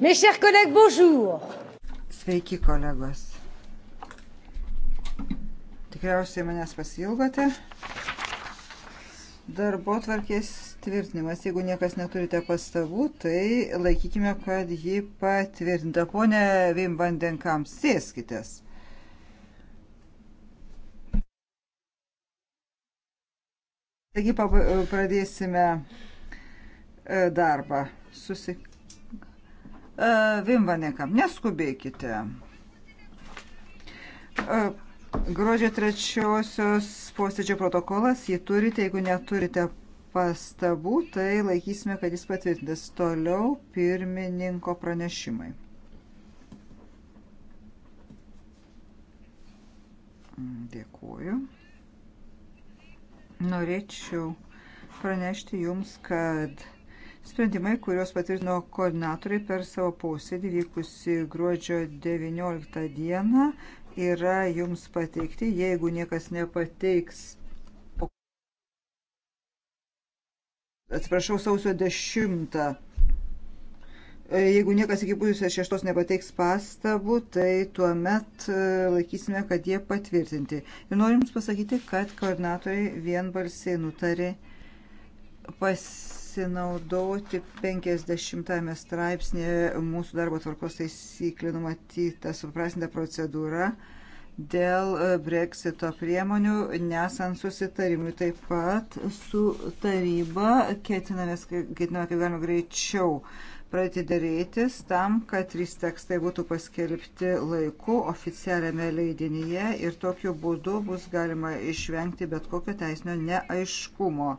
Mes chers collègues, bonjour. Sveiki, kolegos. Tikriausiai manęs pasilgote. Darbo tvarkės tvirtinimas. Jeigu niekas neturite pastabų, tai laikykime, kad ji patvirtinta. Pone Vim Vandenkam, sėskitės. Taigi pradėsime e, darbą. Susik E, Vimvanekam. Neskubėkite. E, gruodžio trečiosios posėdžio protokolas, jį turite, jeigu neturite pastabų, tai laikysime, kad jis patvirtintas. Toliau pirmininko pranešimai. Mm, dėkuoju. Norėčiau pranešti jums, kad Sprendimai, kuriuos patvirtino koordinatoriai per savo posėdį vykusi gruodžio 19 dieną, yra jums pateikti. Jeigu niekas nepateiks, atsiprašau, sausio 10. E, jeigu niekas iki pusės šeštos nepateiks pastabų, tai tuo met e, laikysime, kad jie patvirtinti. Ir noriu jums pasakyti, kad koordinatoriai vienbalsiai nutarė pas pasinaudoti 50 straipsnėje mūsų darbo tvarkos taisyklė numatyta suprastinta procedūra dėl e, breksito priemonių, nesant susitarimui. Taip pat su taryba ketiname, ketiname kaip galima greičiau pradėti darytis tam, kad trys tekstai būtų paskelbti laiku oficialiame leidinyje ir tokiu būdu bus galima išvengti bet kokio teisinio neaiškumo.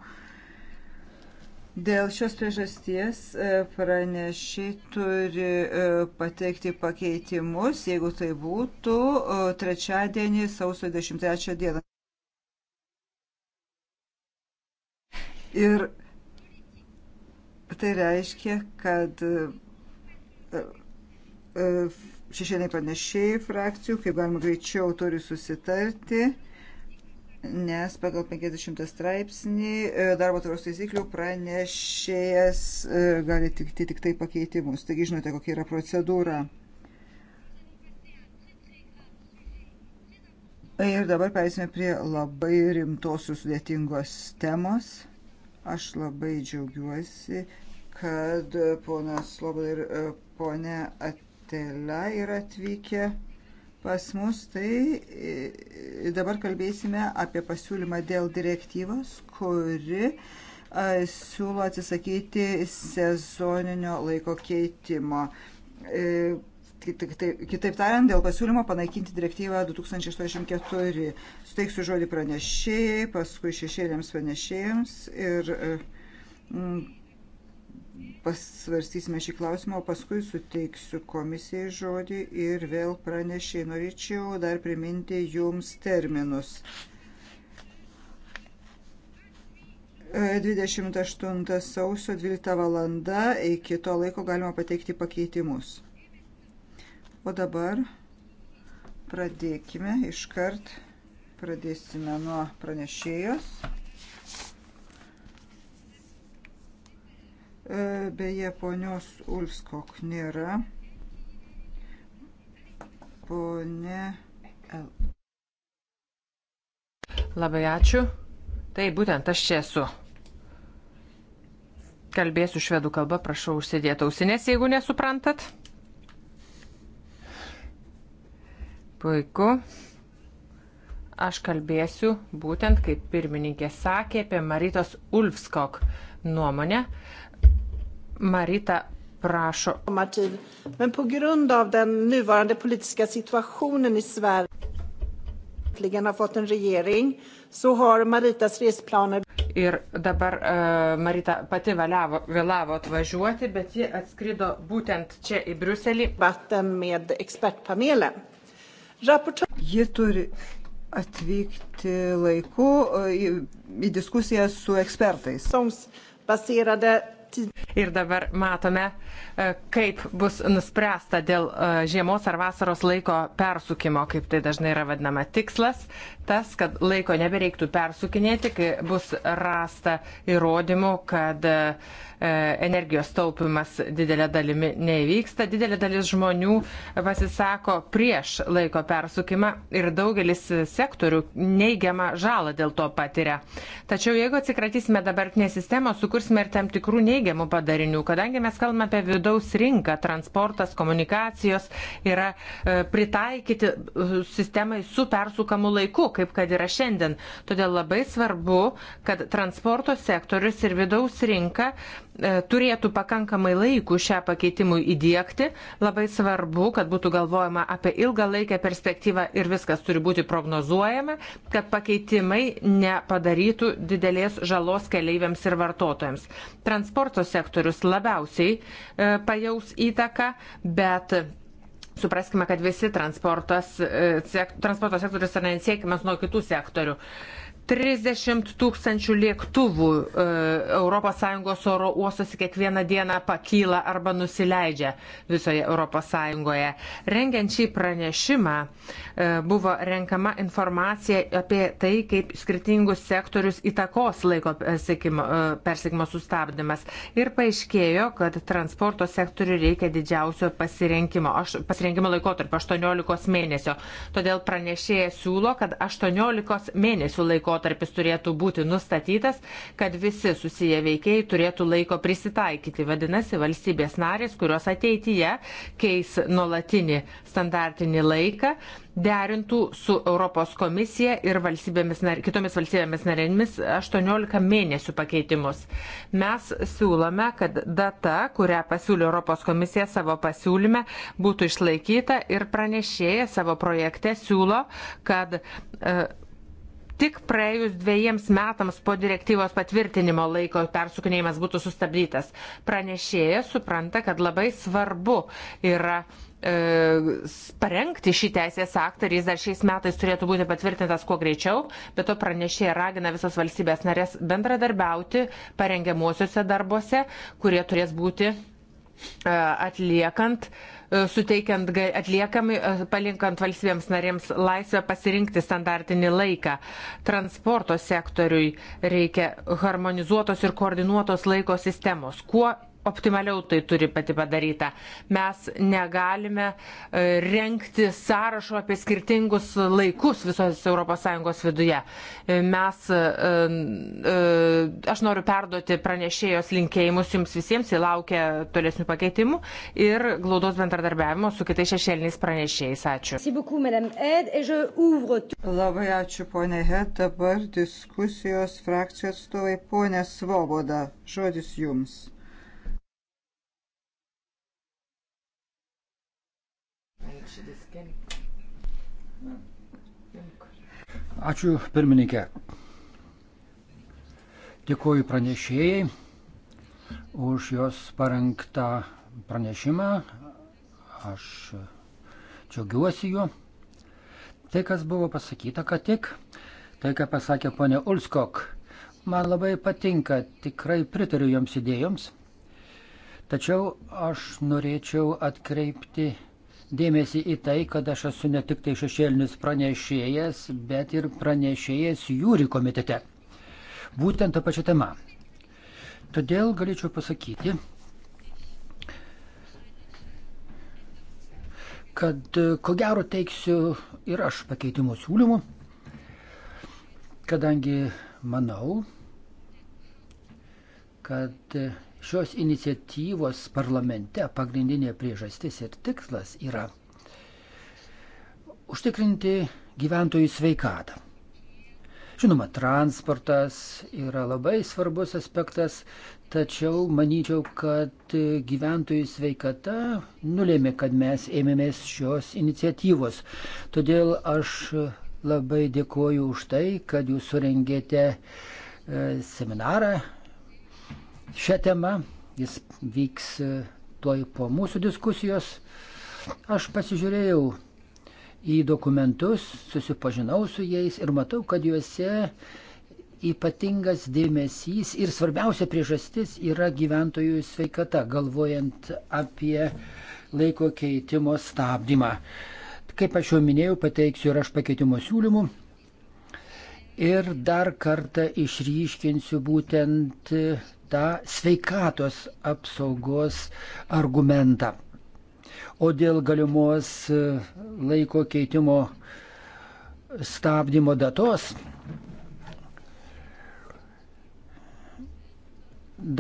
Dėl šios priežasties e, pranešiai turi e, pateikti pakeitimus, jeigu tai būtų e, trečiadienį, sausio 23 dieną. Ir tai reiškia, kad šešieniai pranešiai frakcijų, kaip galima greičiau, turi susitarti nes pagal 50 straipsnį e, darbo tvarkos taisyklių pranešėjas e, gali tikti tik tai pakeitimus. Taigi žinote, kokia yra procedūra. Ir dabar perėsime prie labai rimtos ir sudėtingos temos. Aš labai džiaugiuosi, kad ponas Sloboda ir e, ponė Atelė yra atvykę pas mus, tai e, dabar kalbėsime apie pasiūlymą dėl direktyvos, kuri e, siūlo atsisakyti sezoninio laiko keitimo. E, tai, kitaip tariant, dėl pasiūlymo panaikinti direktyvą 2084. Suteiksiu žodį pranešėjai, paskui šešėliams pranešėjams ir pasvarstysime šį klausimą, o paskui suteiksiu komisijai žodį ir vėl pranešiai. Norėčiau dar priminti jums terminus. 28 e, sausio 12 valanda iki to laiko galima pateikti pakeitimus. O dabar pradėkime iškart. Pradėsime nuo pranešėjos. E, beje, ponios Ulskok nėra. Pone L. Labai ačiū. Tai būtent aš čia esu. Kalbėsiu švedų kalbą, prašau užsidėti ausinės, jeigu nesuprantat. Puiku. Aš kalbėsiu būtent, kaip pirmininkė sakė, apie Maritos Ulfskok nuomonę. Uh, Marita prašo. Men på grund av den nuvarande politiska situationen i Sverige äntligen har fått en regering så har Maritas resplaner. Ir dabar uh, Marita pati vėlavo, vėlavo atvažiuoti, bet ji atskrido būtent čia į Bruselį. Rapporto... Ji turi atvykti laiku e, į, į diskusiją su ekspertais. Soms baserade Ir dabar matome, e, kaip bus nuspręsta dėl e, žiemos ar vasaros laiko persukimo, kaip tai dažnai yra vadinama tikslas, tas, kad laiko nebereiktų persukinėti, kai bus rasta įrodymų, kad e, energijos taupimas didelė dalimi nevyksta. Didelė dalis žmonių pasisako prieš laiko persukimą ir daugelis sektorių neigiamą žalą dėl to patiria. Tačiau jeigu atsikratysime dabartinės sistemos, sukursime ir tam tikrų neigiamų neigiamų padarinių, kadangi mes kalbame apie vidaus rinką, transportas, komunikacijos yra e, pritaikyti e, sistemai su persukamu laiku, kaip kad yra šiandien. Todėl labai svarbu, kad transporto sektorius ir vidaus rinka E, turėtų pakankamai laikų šią pakeitimų įdėkti. Labai svarbu, kad būtų galvojama apie ilgalaikę perspektyvą ir viskas turi būti prognozuojama, kad pakeitimai nepadarytų didelės žalos keleiviams ir vartotojams. Transporto sektorius labiausiai e, pajaus įtaką, bet supraskime, kad visi e, transporto sektorius yra neatsiekimas nuo kitų sektorių. E, 30 tūkstančių lėktuvų ES oro uostose kiekvieną dieną pakyla arba nusileidžia visoje ES. Rengiant šį pranešimą e, buvo renkama informacija apie tai, kaip skirtingus sektorius įtakos laiko persikimo e, sustabdymas. Ir paaiškėjo, kad transporto sektoriu reikia didžiausio pasirinkimo, aš, pasirinkimo laikotarpio 18 mėnesio. Todėl pranešėja siūlo, kad 18 mėnesių laikotarpio laikotarpis turėtų būti nustatytas, kad visi susiję veikėjai turėtų laiko prisitaikyti. Vadinasi, valstybės narės, kurios ateityje keis nuolatinį standartinį laiką, derintų su Europos komisija ir valstybėmis, kitomis valstybėmis narėmis 18 mėnesių pakeitimus. Mes siūlome, kad data, kurią pasiūlė Europos komisija savo pasiūlyme, būtų išlaikyta ir pranešėja savo projekte siūlo, kad uh, tik praėjus dviejiems metams po direktyvos patvirtinimo laiko persukinėjimas būtų sustabdytas. Pranešėjas supranta, kad labai svarbu yra e, parengti šį teisės aktą ir jis dar šiais metais turėtų būti patvirtintas kuo greičiau, bet to pranešėja ragina visos valstybės narės bendradarbiauti parengiamuosiuose darbuose, kurie turės būti e, atliekant e, E, suteikiant, atliekami, e, palinkant valstybėms narėms laisvę pasirinkti standartinį laiką. Transporto sektoriui reikia harmonizuotos ir koordinuotos laiko sistemos. Kuo optimaliau tai turi pati padaryta. Mes negalime e, renkti sąrašo apie skirtingus laikus visos ES viduje. E, mes, e, aš noriu perduoti pranešėjos linkėjimus jums visiems, jie laukia tolesnių pakeitimų ir glaudos bendradarbiavimo su kitais šešėliniais pranešėjais. Ačiū. Labai ačiū, ponė Hed. Dabar diskusijos frakcijos atstovai, ponė Svoboda. Žodis jums. Ačiū pirmininkė. Dėkuoju pranešėjai už jos parengtą pranešimą. Aš džiaugiuosi juo. Tai, kas buvo pasakyta, kad tik, tai, ką pasakė ponė Ulskok, man labai patinka, tikrai pritariu joms idėjoms. Tačiau aš norėčiau atkreipti dėmesį į tai, kad aš esu ne tik tai šešėlinis pranešėjas, bet ir pranešėjas jūri komitete. Būtent tą pačią temą. Todėl galėčiau pasakyti, kad e, ko gero teiksiu ir aš pakeitimo siūlymų, kadangi manau, kad e, šios iniciatyvos parlamente pagrindinė priežastis ir tikslas yra užtikrinti gyventojų sveikatą. Žinoma, transportas yra labai svarbus aspektas, tačiau manyčiau, kad gyventojų sveikata nulėmė, kad mes ėmėmės šios iniciatyvos. Todėl aš labai dėkoju už tai, kad jūs surengėte e, seminarą šią temą. Jis vyks e, tuoj po mūsų diskusijos. Aš pasižiūrėjau į dokumentus, susipažinau su jais ir matau, kad juose ypatingas dėmesys ir svarbiausia priežastis yra gyventojų sveikata, galvojant apie laiko keitimo stabdymą. Kaip aš jau minėjau, pateiksiu ir aš pakeitimo siūlymų. Ir dar kartą išryškinsiu būtent tą sveikatos apsaugos argumentą. O dėl galimos e, laiko keitimo stabdymo datos,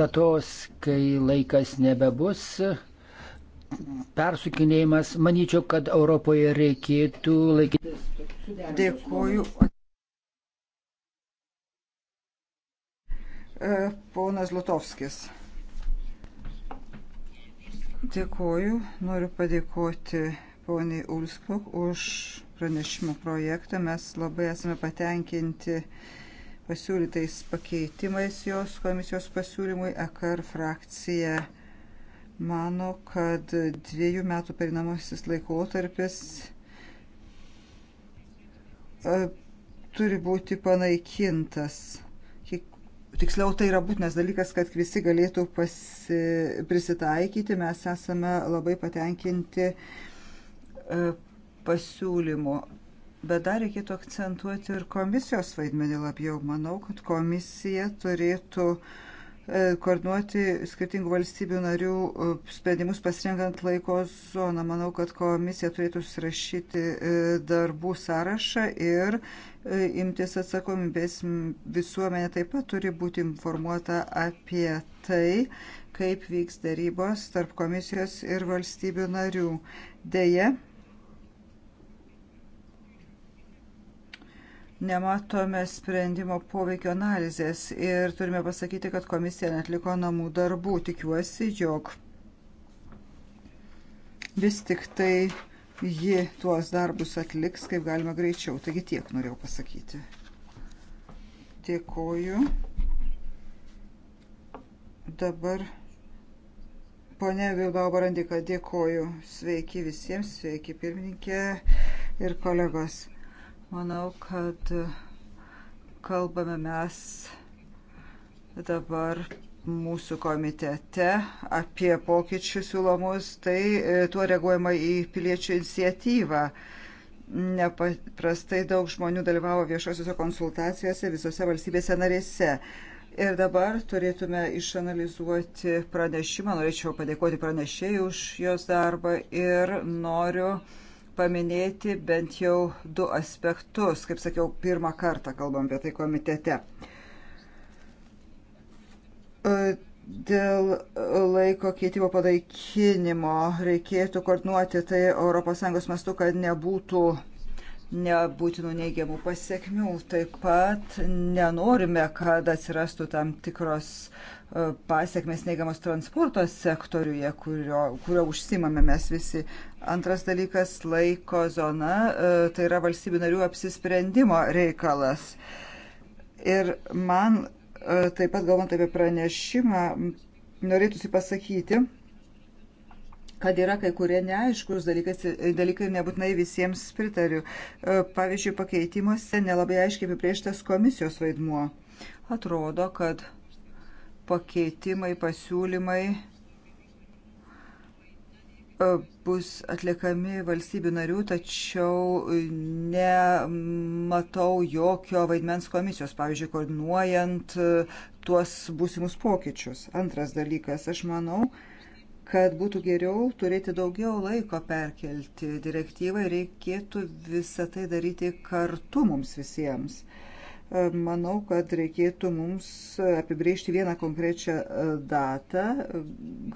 datos, kai laikas nebebus, persukinėjimas, manyčiau, kad Europoje reikėtų laikytis. Dėkuoju. E, ponas Lutovskis. Dėkoju, noriu padėkoti poniai Ulskuk už pranešimo projektą. Mes labai esame patenkinti pasiūlytais pakeitimais jos komisijos pasiūlymui. EKR frakcija mano, kad dviejų metų perinamosis laikotarpis e, turi būti panaikintas tiksliau tai yra būtinas dalykas, kad visi galėtų pasi, prisitaikyti. Mes esame labai patenkinti e, pasiūlymu. Bet dar reikėtų akcentuoti ir komisijos vaidmenį labiau. Manau, kad komisija turėtų uh, E, koordinuoti skirtingų valstybių narių e, sprendimus pasirinkant laiko zoną. Manau, kad komisija turėtų surašyti e, darbų sąrašą ir imtis atsakomybės. Visuomenė taip pat turi būti informuota apie tai, kaip vyks darybos tarp komisijos ir valstybių narių. Deja, nematome sprendimo poveikio analizės ir turime pasakyti, kad komisija netliko namų darbų. Tikiuosi, jog vis tik tai ji tuos darbus atliks kaip galima greičiau. Taigi tiek norėjau pasakyti. Dėkoju. Dabar ponė Vilbao Barandika, dėkoju. Sveiki visiems, sveiki pirmininkė ir kolegos. Manau, kad kalbame mes dabar mūsų komitete apie pokyčius siūlomus, tai e, tuo reaguojama į piliečių iniciatyvą. Nepaprastai daug žmonių dalyvavo viešosiuose konsultacijose visose valstybėse narėse. Ir dabar turėtume išanalizuoti pranešimą. Norėčiau padėkoti pranešėjai už jos darbą ir noriu uh, paminėti bent jau du aspektus, kaip sakiau, pirmą kartą kalbam apie tai komitete. E, dėl laiko keitimo padaikinimo reikėtų koordinuoti tai ES mastu, kad nebūtų nebūtinų neigiamų pasiekmių. Taip pat nenorime, kad atsirastų tam tikros e, pasiekmes neigiamos transporto sektoriuje, kurio, kurio užsimame mes visi. Antras dalykas - laiko zona, e, tai yra valstybių narių apsisprendimo reikalas. Ir man, e, taip pat galvant apie pranešimą, norėtųsi pasakyti, kad yra kai kurie neaiškus dalykas, dalykai ir nebūtinai visiems pritariu. E, pavyzdžiui, pakeitimuose nelabai aiškiai apiprieštas komisijos vaidmuo. Atrodo, kad pakeitimai, pasiūlymai bus atliekami valstybių narių, tačiau nematau jokio vaidmens komisijos, pavyzdžiui, koordinuojant e, tuos būsimus pokyčius. Antras dalykas, aš manau, kad būtų geriau turėti daugiau laiko perkelti direktyvą ir reikėtų visą tai daryti kartu mums visiems. Uh, Manau, kad reikėtų mums apibrėžti vieną konkrečią e, datą,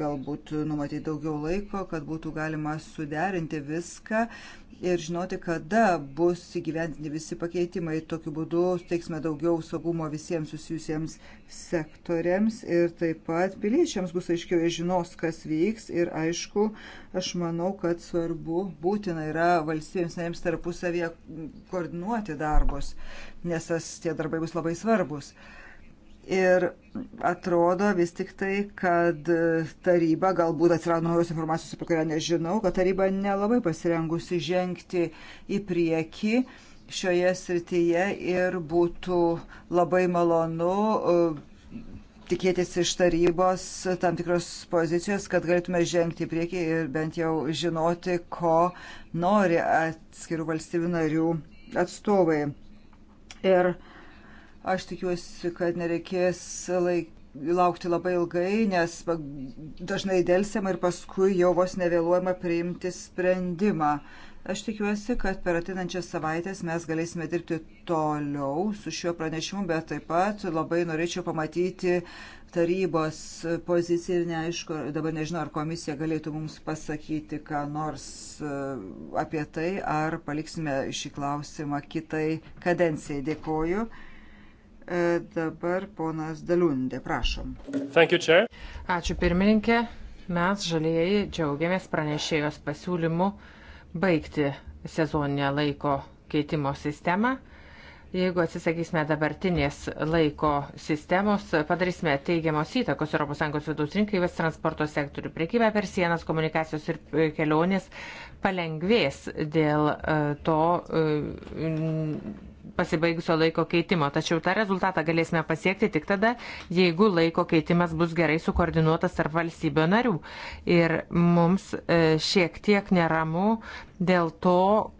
galbūt numatyti daugiau laiko, kad būtų galima suderinti viską, ir žinoti, kada bus įgyventinti visi pakeitimai. Tokiu būdu teiksime daugiau saugumo visiems susijusiems sektoriams ir taip pat piliečiams bus aiškiau, jie žinos, kas vyks ir aišku, aš manau, kad svarbu būtina yra valstybėms narėms tarpusavėje koordinuoti darbus, nes tas, tie darbai bus labai svarbus. Uh, Ir atrodo vis tik tai, kad taryba, galbūt atsirado naujos informacijos, apie kurią nežinau, kad taryba nelabai pasirengusi žengti į priekį šioje srityje ir būtų labai malonu uh, tikėtis iš tarybos tam tikros pozicijos, kad galėtume žengti į priekį ir bent jau žinoti, ko nori atskirų valstybių narių atstovai. Ir uh, Aš tikiuosi, kad nereikės laik, laukti labai ilgai, nes dažnai dėlsiama ir paskui jau vos nevėluojama priimti sprendimą. Aš tikiuosi, kad per atinančias savaitės mes galėsime dirbti toliau su šiuo pranešimu, bet taip pat labai norėčiau pamatyti tarybos poziciją ir neaišku, dabar nežinau, ar komisija galėtų mums pasakyti, ką nors e, apie tai, ar paliksime šį klausimą kitai kadencijai. Dėkoju. E, dabar ponas Daliundė, prašom. Thank you, Chair. Ačiū pirmininkė. Mes žalieji džiaugiamės pranešėjos pasiūlymu baigti sezoninę laiko keitimo sistemą. Jeigu atsisakysime dabartinės laiko sistemos, padarysime teigiamos įtakos ES vidaus rinkai, vis transporto sektorių, priekybę per sienas, komunikacijos ir e, kelionės, palengvės dėl e, to e, pasibaigusio laiko keitimo. Tačiau tą rezultatą galėsime pasiekti tik tada, jeigu laiko keitimas bus gerai sukoordinuotas tarp valstybių narių. Ir mums e, šiek tiek neramu dėl to,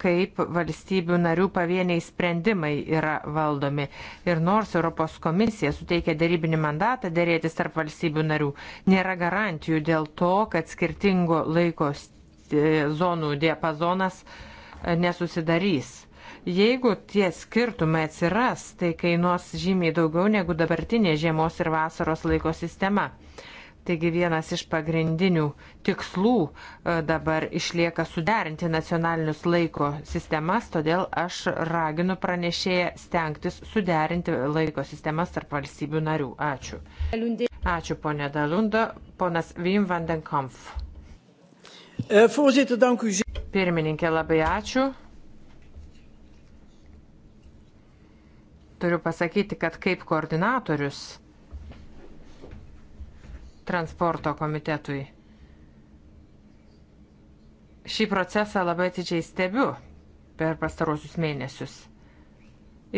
kaip valstybių narių pavieniai sprendimai yra valdomi. Ir nors Europos komisija suteikia darybinį mandatą dėrėtis tarp valstybių narių, nėra garantijų dėl to, kad skirtingo laiko E, zonų diapazonas e, nesusidarys. Jeigu tie skirtumai atsiras, tai kainuos žymiai daugiau negu dabartinė žiemos ir vasaros laiko sistema. Taigi vienas iš pagrindinių tikslų e, dabar išlieka suderinti nacionalinius laiko sistemas, todėl aš raginu pranešėją stengtis suderinti laiko sistemas tarp valstybių narių. Ačiū. Ačiū ponė Dalunda, ponas Vim Vandenkampf. Eh, voorzitter, dank u zeer. Pirmininkė, labai ačiū. Turiu pasakyti, kad kaip koordinatorius transporto komitetui šį procesą labai atidžiai stebiu per pastarosius mėnesius.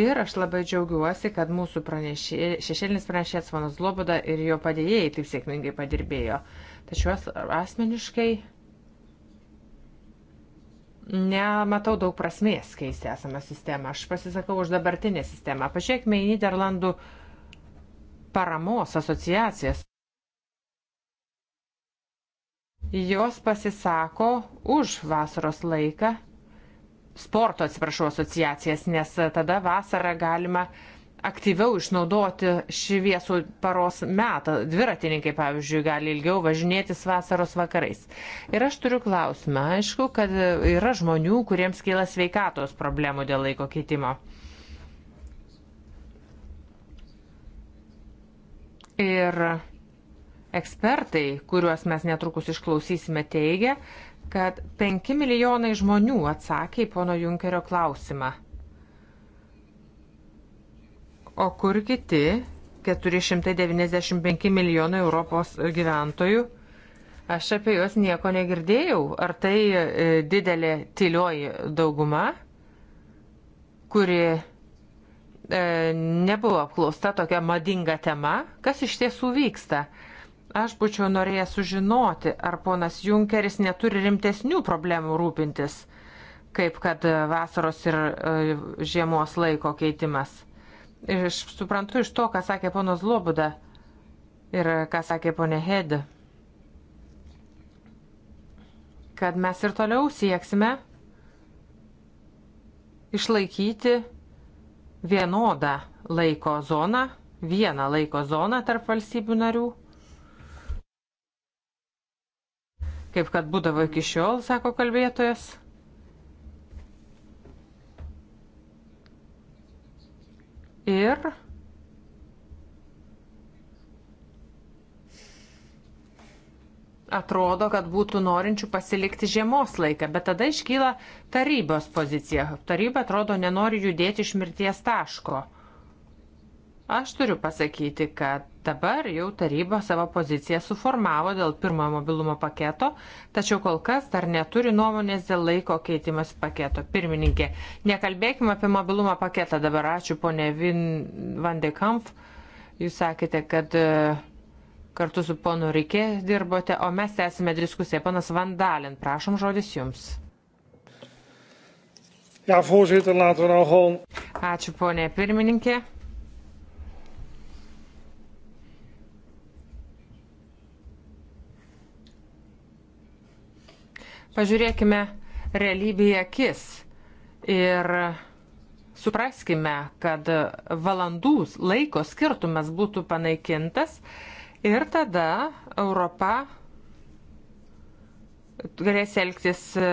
Ir aš labai džiaugiuosi, kad mūsų pranešė, šešėlinis pranešėjas Vanas Loboda ir jo padėjėjai taip sėkmingai padirbėjo. Tačiau asmeniškai nematau daug prasmės keisti esamą sistemą. Aš pasisakau už dabartinę sistemą. Pažiūrėkime į Niderlandų paramos asociacijas. Jos pasisako už vasaros laiką, sporto atsiprašau asociacijas, nes tada vasarą galima uh, aktyviau išnaudoti šviesų paros metą. Dviratininkai, pavyzdžiui, gali ilgiau važinėtis vasaros vakarais. Ir aš turiu klausimą. Aišku, kad yra žmonių, kuriems kyla sveikatos problemų dėl laiko keitimo. Ir ekspertai, kuriuos mes netrukus išklausysime, teigia, kad 5 milijonai žmonių atsakė į pono Junkerio klausimą o kur kiti 495 milijonai Europos gyventojų. Aš apie juos nieko negirdėjau. Ar tai e, didelė tylioji dauguma, kuri e, nebuvo apklausta tokia madinga tema, kas iš tiesų vyksta. Aš būčiau norėjęs sužinoti, ar ponas Junkeris neturi rimtesnių problemų rūpintis, kaip kad vasaros ir e, žiemos laiko keitimas. Ir aš suprantu iš to, ką sakė ponas Lobuda ir ką sakė ponė Hed, kad mes ir toliau sieksime išlaikyti vienodą laiko zoną, vieną laiko zoną tarp valstybių narių. Kaip kad būdavo iki šiol, sako kalbėtojas. ir atrodo, kad būtų norinčių pasilikti žiemos laiką, bet tada iškyla tarybos pozicija. Taryba atrodo nenori judėti iš mirties taško. Aš turiu pasakyti, kad dabar jau taryba savo poziciją suformavo dėl pirmojo mobilumo paketo, tačiau kol kas dar neturi nuomonės dėl laiko keitimas paketo. Pirmininkė, nekalbėkime apie mobilumo paketą dabar. Ačiū ponė Vin Van de Kampf. Jūs sakėte, kad e, kartu su ponu Rikė dirbote, o mes tęsime diskusiją. Panas Vandalin, prašom žodis jums. Ja, voorzitter, laten we nou gewoon. Ačiū, ponė pirmininkė. Pažiūrėkime realybėje akis ir supraskime, kad valandų laiko skirtumas būtų panaikintas ir tada Europa galės elgtis e,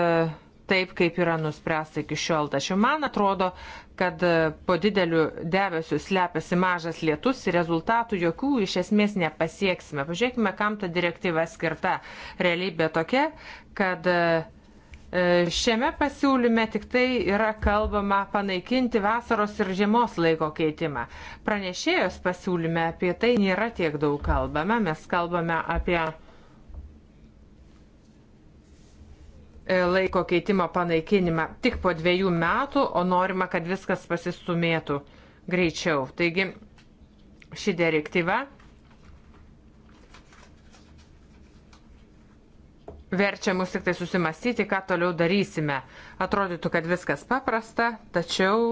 taip, kaip yra nuspręsta iki šiol. Tačiau man atrodo, kad e, po dideliu debesiu slepiasi mažas lietus ir rezultatų jokių iš esmės nepasieksime. Pažiūrėkime, kam ta direktyva skirta. Realybė tokia, kad e, e, Šiame pasiūlyme tik tai yra kalbama panaikinti vasaros ir žiemos laiko keitimą. Pranešėjos pasiūlyme apie tai nėra tiek daug kalbama, mes kalbame apie e, E, laiko keitimo panaikinimą tik po dviejų metų, o norima, kad viskas pasistumėtų greičiau. Taigi ši direktyva verčia mus tik tai susimastyti, ką toliau darysime. Atrodytų, kad viskas paprasta, tačiau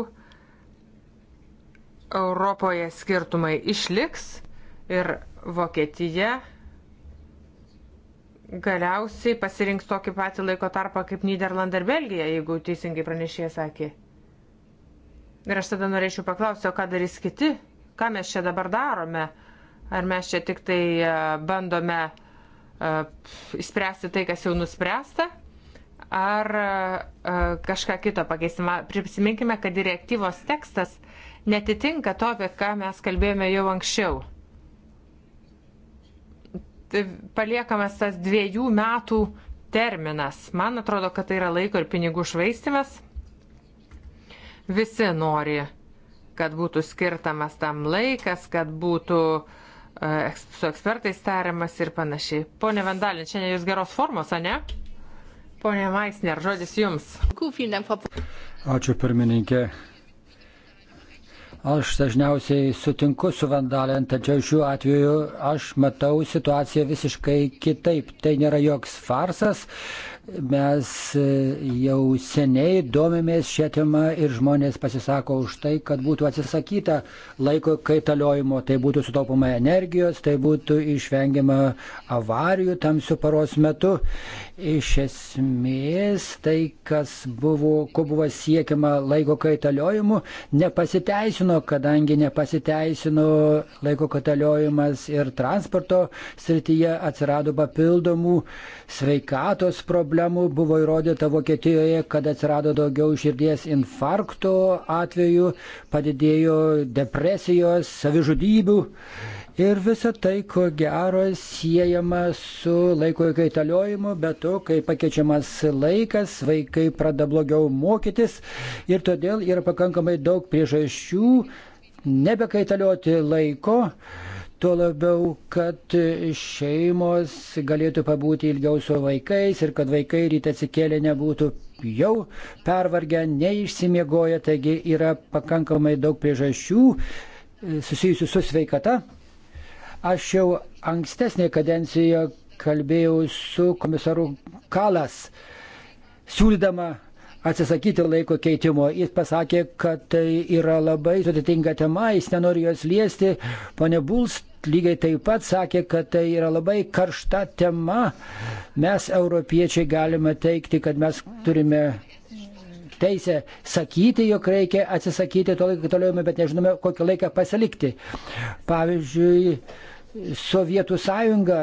Europoje skirtumai išliks ir Vokietija galiausiai pasirinks tokį patį laiko tarpą kaip Niderlandai ir Belgija, jeigu teisingai pranešėja sakė. Ir aš tada norėčiau paklausti, o ką darys kiti, ką mes čia dabar darome, ar mes čia tik tai e, bandome uh, išspręsti tai, kas jau nuspręsta, ar uh, kažką kito pakeisime. Prisiminkime, kad direktyvos tekstas netitinka to, apie ką mes kalbėjome jau anksčiau. Tai paliekamas tas dviejų metų terminas. Man atrodo, kad tai yra laiko ir pinigų švaistimas. Visi nori, kad būtų skirtamas tam laikas, kad būtų e, su ekspertais tariamas ir panašiai. Pone Vandalin, šiandien jūs geros formos, ar ne? Pone Maisner, žodis jums. Ačiū pirmininkė. Aš dažniausiai sutinku su Vandalen, tačiau šiuo atveju aš matau situaciją visiškai kitaip. Tai nėra joks farsas. Mes e, jau seniai domėmės šią temą ir žmonės pasisako už tai, kad būtų atsisakyta laiko kaitaliojimo. Tai būtų sutaupama energijos, tai būtų išvengiama avarijų tamsių paros metu. Iš esmės tai, kas buvo, ko buvo siekiama laiko kaitaliojimu, nepasiteisino, kadangi nepasiteisino laiko kaitaliojimas ir transporto srityje atsirado papildomų sveikatos problemų. Buvo įrodyta Vokietijoje, kad atsirado daugiau širdies infarkto atvejų, padidėjo depresijos, savižudybių Ir visa tai, ko gero, siejama su laiko kaitaliojimu, bet to, kai pakeičiamas laikas, vaikai pradeda blogiau mokytis ir todėl yra pakankamai daug priežasčių nebekaitalioti laiko. Tuo labiau, kad šeimos galėtų pabūti ilgiau su vaikais ir kad vaikai ryte atsikėlė nebūtų jau pervargę, neišsimiegoję, taigi yra pakankamai daug priežasčių susijusių su sveikata. Aš jau ankstesnėje kadencijoje kalbėjau su komisaru Kalas, siūlydama atsisakyti laiko keitimo. Jis pasakė, kad tai yra labai sudėtinga tema, jis nenori jos liesti. Pone Bulst lygiai taip pat sakė, kad tai yra labai karšta tema. Mes, europiečiai, galime teikti, kad mes turime. Teisė sakyti, jog reikia atsisakyti to laiko toliau, bet nežinome, kokį laiką pasilikti. Pavyzdžiui, Sovietų sąjunga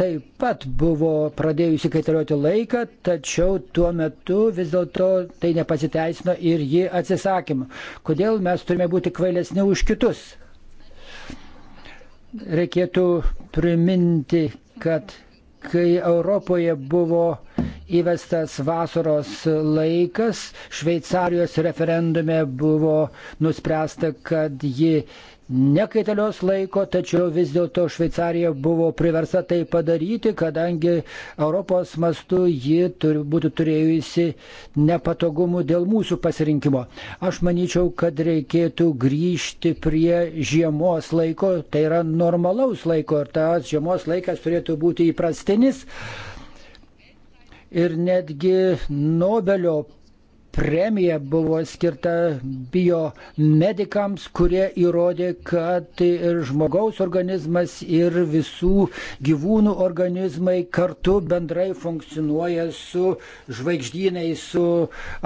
taip pat buvo pradėjusi kaitalioti laiką, tačiau tuo metu vis dėlto tai nepasiteisino ir ji atsisakymą. Kodėl mes turime būti kvailesni už kitus? Reikėtų priminti, kad kai Europoje buvo įvestas vasaros laikas, Šveicarijos referendume buvo nuspręsta, kad ji nekaitalios laiko, tačiau vis dėlto Šveicarija buvo priversta tai padaryti, kadangi Europos mastu ji turi, būtų turėjusi nepatogumų dėl mūsų pasirinkimo. Aš manyčiau, kad reikėtų grįžti prie žiemos laiko, tai yra normalaus laiko ir tas žiemos laikas turėtų būti įprastinis. Ir netgi Nobelio premija buvo skirta biomedikams, kurie įrodė, kad ir žmogaus organizmas, ir visų gyvūnų organizmai kartu bendrai funkcionuoja su žvaigždynai, su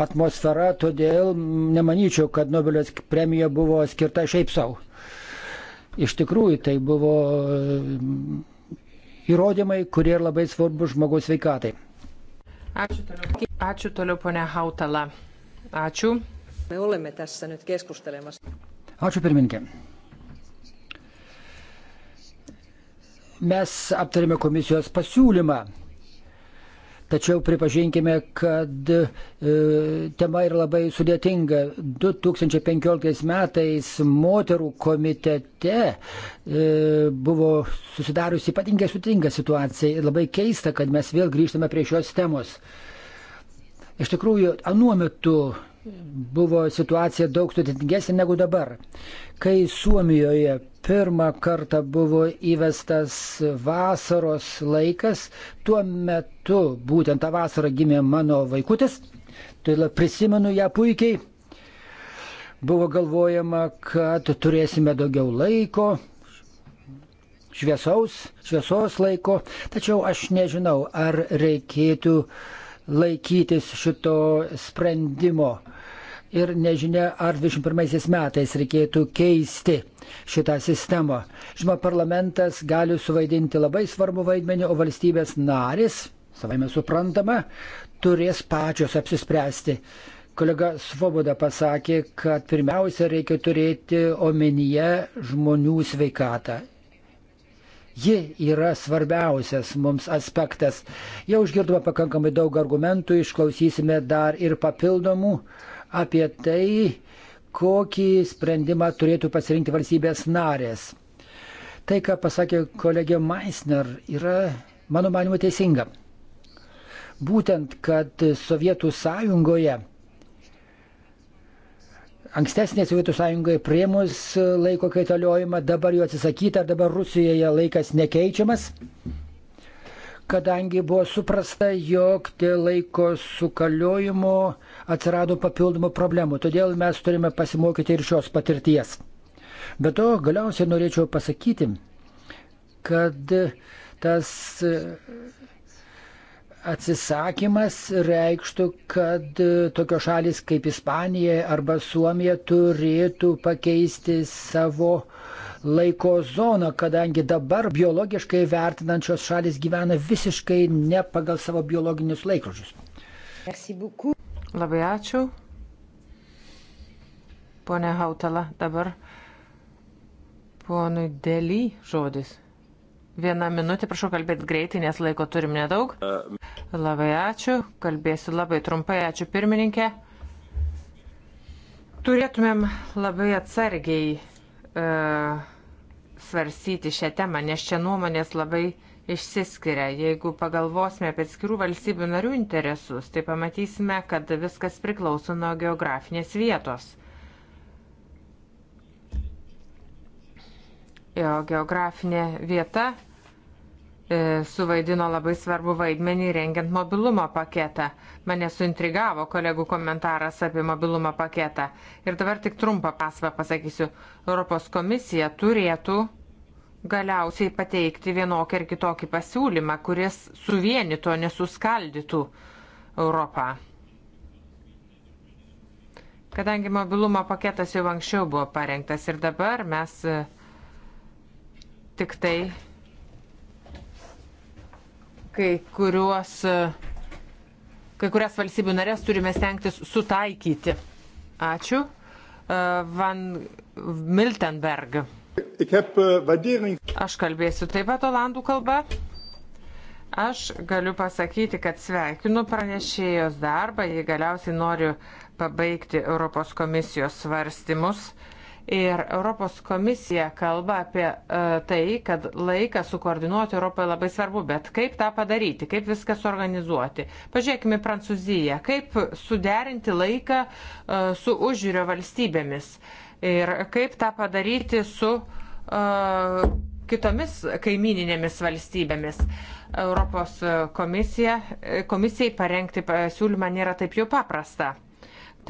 atmosfera, todėl nemanyčiau, kad Nobelio premija buvo skirta šiaip savo. Iš tikrųjų, tai buvo įrodymai, kurie labai svarbu žmogaus veikatai. Ačiū toliau, Ačiū toliau ponia Hautala. Ačiū. Me olemme tässä nyt keskustelemassa. Ačiū pirmininkė. Mes aptarėme komisijos pasiūlymą Tačiau pripažinkime, kad e, tema yra labai sudėtinga. 2015 metais moterų komitete e, buvo susidariusi ypatingai sudėtinga situacija ir labai keista, kad mes vėl grįžtame prie šios temos. Iš tikrųjų, anuo metu buvo situacija daug sudėtingesnė negu dabar, kai Suomijoje pirmą kartą buvo įvestas vasaros laikas, tuo metu būtent tą vasarą gimė mano vaikutis, todėl prisimenu ją puikiai. Buvo galvojama, kad turėsime daugiau laiko, šviesaus, šviesos laiko, tačiau aš nežinau, ar reikėtų laikytis šito sprendimo ir nežinia, ar 21 metais reikėtų keisti šitą sistemą. Žinoma, parlamentas gali suvaidinti labai svarbu vaidmenį, o valstybės narės, savai mes suprantama, turės pačios apsispręsti. Kolega Svoboda pasakė, kad pirmiausia reikia turėti omenyje žmonių sveikatą. Ji yra svarbiausias mums aspektas. Jau išgirdome pakankamai daug argumentų, išklausysime dar ir papildomų. Uh, apie tai, kokį sprendimą turėtų pasirinkti valstybės narės. Tai, ką pasakė kolegė Meisner, yra, mano manimu, teisinga. Būtent, kad Sovietų sąjungoje, ankstesnė Sovietų sąjungoje priemus laiko kaitaliojimą, dabar jo atsisakyta, dabar Rusijoje laikas nekeičiamas kadangi buvo suprasta, jog dėl laiko sukaliojimo atsirado papildomų problemų. Todėl mes turime pasimokyti ir šios patirties. Be to, galiausiai norėčiau pasakyti, kad tas e, atsisakymas reikštų, kad e, tokios šalis kaip Ispanija arba Suomija turėtų pakeisti savo laiko zoną, kadangi dabar biologiškai vertinančios šalis gyvena visiškai ne pagal savo biologinius laikrodžius. Labai ačiū. Pone Hautala, dabar ponui Dėly žodis. Vieną minutę, prašau kalbėti greitai, nes laiko turim nedaug. Labai ačiū, kalbėsiu labai trumpai, ačiū pirmininkė. Turėtumėm labai atsargiai uh, svarsyti šią temą, nes čia nuomonės labai išsiskiria. Jeigu pagalvosime apie atskirų valstybių narių interesus, tai pamatysime, kad viskas priklauso nuo geografinės vietos. Jo geografinė vieta e, suvaidino labai svarbu vaidmenį rengiant mobilumo paketą. Mane suintrigavo kolegų komentaras apie mobilumo paketą. Ir dabar tik trumpą pasvą pasakysiu. Europos komisija turėtų galiausiai pateikti vienokį ar kitokį pasiūlymą, kuris suvienytų, o nesuskaldytų Europą. Kadangi mobilumo paketas jau anksčiau buvo parengtas ir dabar mes e, tik tai kai, kuriuos, e, kai kurias valstybių narės turime stengtis sutaikyti. Ačiū. E, Van Miltenberg. Eh, Aš kalbėsiu taip pat olandų kalba. Aš galiu pasakyti, kad sveikinu pranešėjos darbą, jei galiausiai noriu pabaigti Europos komisijos svarstymus. Ir Europos komisija kalba apie uh, tai, kad laiką sukoordinuoti Europoje labai svarbu, bet kaip tą padaryti, kaip viską suorganizuoti. Pažiūrėkime Prancūziją, kaip suderinti laiką uh, su užžiūrio valstybėmis. Uh, Ir kaip tą padaryti su uh, kitomis kaimininėmis valstybėmis. Europos komisija, komisijai parengti pasiūlymą nėra taip jau paprasta.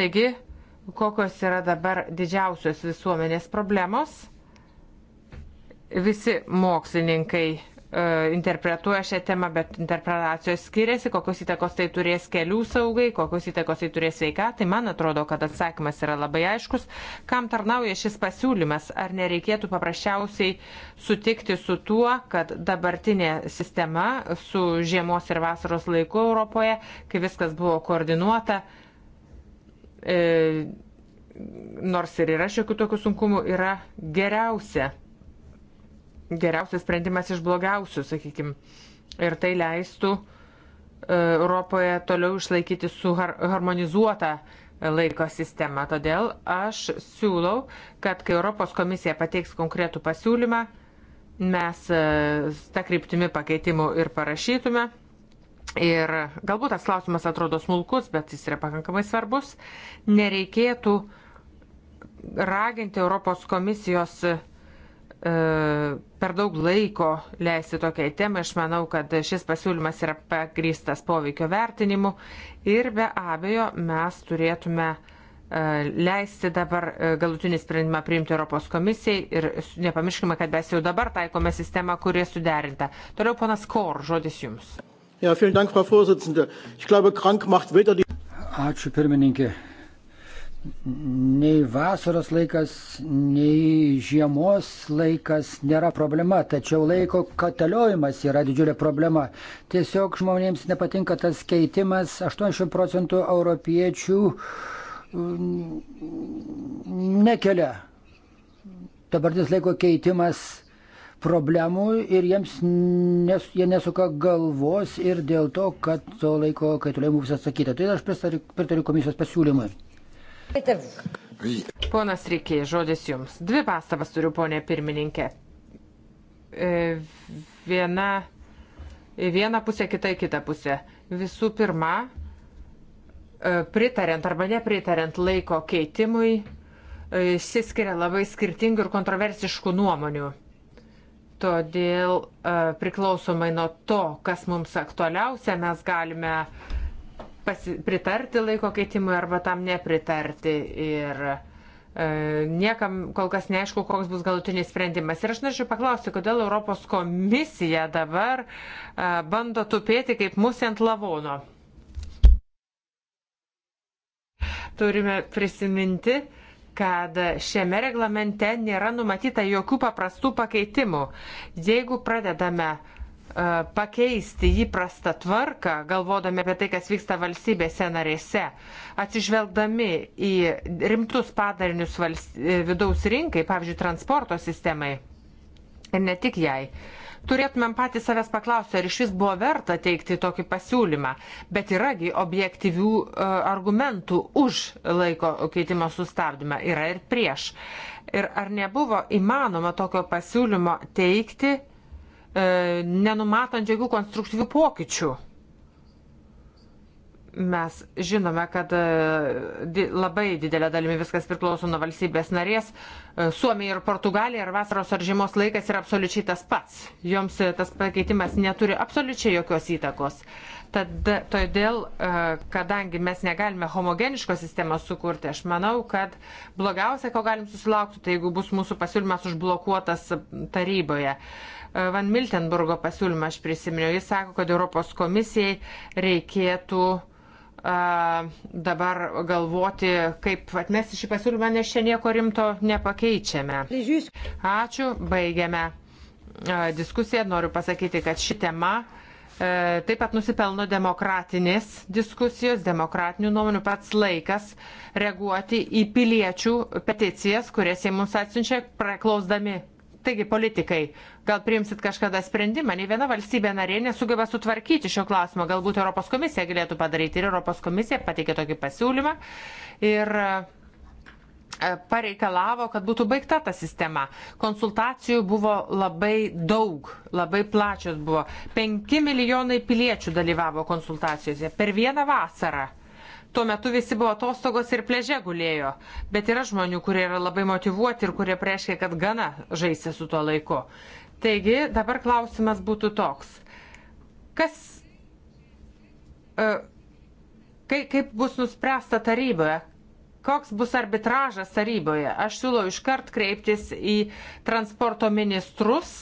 Taigi, kokios yra dabar didžiausios visuomenės problemos? Visi mokslininkai E, interpretuoja šią temą, bet interpretacijos skiriasi, kokios įtakos tai turės kelių saugai, kokios įtakos tai turės sveikatai. Man atrodo, kad atsakymas yra labai aiškus, kam tarnauja šis pasiūlymas. Ar nereikėtų paprasčiausiai sutikti su tuo, kad dabartinė sistema su žiemos ir vasaros laiku Europoje, kai viskas buvo koordinuota, e, nors ir yra šiokių tokių sunkumų, yra geriausia geriausias sprendimas iš blogiausių, sakykime. Ir tai leistų e, Europoje toliau išlaikyti suharmonizuotą e, laiko sistemą. Todėl aš siūlau, kad kai Europos komisija pateiks konkretų pasiūlymą, mes e, tą kryptimį pakeitimų ir parašytume. Ir galbūt tas klausimas atrodo smulkus, bet jis yra pakankamai svarbus. Nereikėtų raginti Europos komisijos uh, E, per daug laiko leisti tokiai temai. Aš manau, kad šis pasiūlymas yra pagrįstas poveikio vertinimu ir be abejo mes turėtume e, leisti dabar e, galutinį sprendimą priimti Europos komisijai ir nepamirškime, kad mes jau dabar taikome sistemą, kuri suderinta. Toliau ponas Kor, žodis jums. Ja, Dank, Ačiū pirmininkė nei vasaros laikas, nei žiemos laikas nėra problema, tačiau laiko kataliojimas yra didžiulė problema. Tiesiog žmonėms nepatinka tas keitimas, 80 procentų europiečių mm, nekelia. Dabartis laiko keitimas problemų ir jiems nes, jie nesuka galvos ir dėl to, kad to laiko kaitaliojimų bus atsakyta. Tai aš pritariu komisijos pasiūlymui. Ponas Rykiai, žodis jums. Dvi pastabas turiu, ponė pirmininkė. E, viena, e, viena pusė, kita į kitą pusę. Visų pirma, e, pritarent arba nepritarent laiko keitimui, išsiskiria labai skirtingų ir kontroversiškų nuomonių. Todėl priklausomai nuo to, kas mums aktualiausia, mes galime uh, pasi, pritarti laiko keitimui arba tam nepritarti. Ir e, niekam kol kas neaišku, koks bus galutinis sprendimas. Ir aš norėčiau paklausti, kodėl Europos komisija dabar e, bando tupėti kaip musė ant lavono. Turime prisiminti, kad šiame reglamente nėra numatyta jokių paprastų pakeitimų. Jeigu pradedame uh, E, pakeisti įprastą tvarką, galvodami apie tai, kas vyksta valstybėse narėse, atsižvelgdami į rimtus padarinius valst... E, vidaus rinkai, pavyzdžiui, transporto sistemai ir ne tik jai. Turėtumėm patys savęs paklausti, ar iš vis buvo verta teikti tokį pasiūlymą, bet yragi objektyvių e, argumentų už laiko keitimo sustabdymą, yra ir prieš. Ir ar nebuvo įmanoma tokio pasiūlymo teikti E, nenumatant jokių konstruktyvių pokyčių. Mes žinome, kad e, labai didelė dalimi viskas priklauso nuo valstybės narės. E, Suomija ir Portugalija ar vasaros ar žiemos laikas yra absoliučiai tas pats. Joms tas pakeitimas neturi absoliučiai jokios įtakos. Tad, todėl, kadangi mes negalime homogeniškos sistemos sukurti, aš manau, kad blogiausia, ko galim susilaukti, tai jeigu bus mūsų pasiūlymas užblokuotas taryboje. E, Van Miltenburgo pasiūlymą aš prisiminiau. Jis sako, kad Europos komisijai reikėtų uh, dabar galvoti, kaip atmesti šį pasiūlymą, nes čia nieko rimto nepakeičiame. Ačiū, baigiame uh, diskusiją. Noriu pasakyti, kad ši tema uh, taip pat nusipelno demokratinės diskusijos, demokratinių nuomonių pats laikas reaguoti į piliečių peticijas, kurias jie mums atsiunčia, praklausdami Taigi, politikai, gal priimsit kažkada sprendimą, nei viena valstybė narė nesugeba sutvarkyti šio klausimo, galbūt Europos komisija galėtų padaryti ir Europos komisija pateikė tokį pasiūlymą. Ir e, pareikalavo, kad būtų baigta ta sistema. Konsultacijų buvo labai daug, labai plačios buvo. 5 milijonai piliečių dalyvavo konsultacijose per vieną vasarą. Tuo metu visi buvo atostogos ir pleže gulėjo, bet yra žmonių, kurie yra labai motivuoti ir kurie prieškia, kad gana žaisė su tuo laiku. Taigi dabar klausimas būtų toks. Kas, e, kai, kaip bus nuspręsta taryboje, koks bus arbitražas taryboje. Aš siūlau iškart kreiptis į transporto ministrus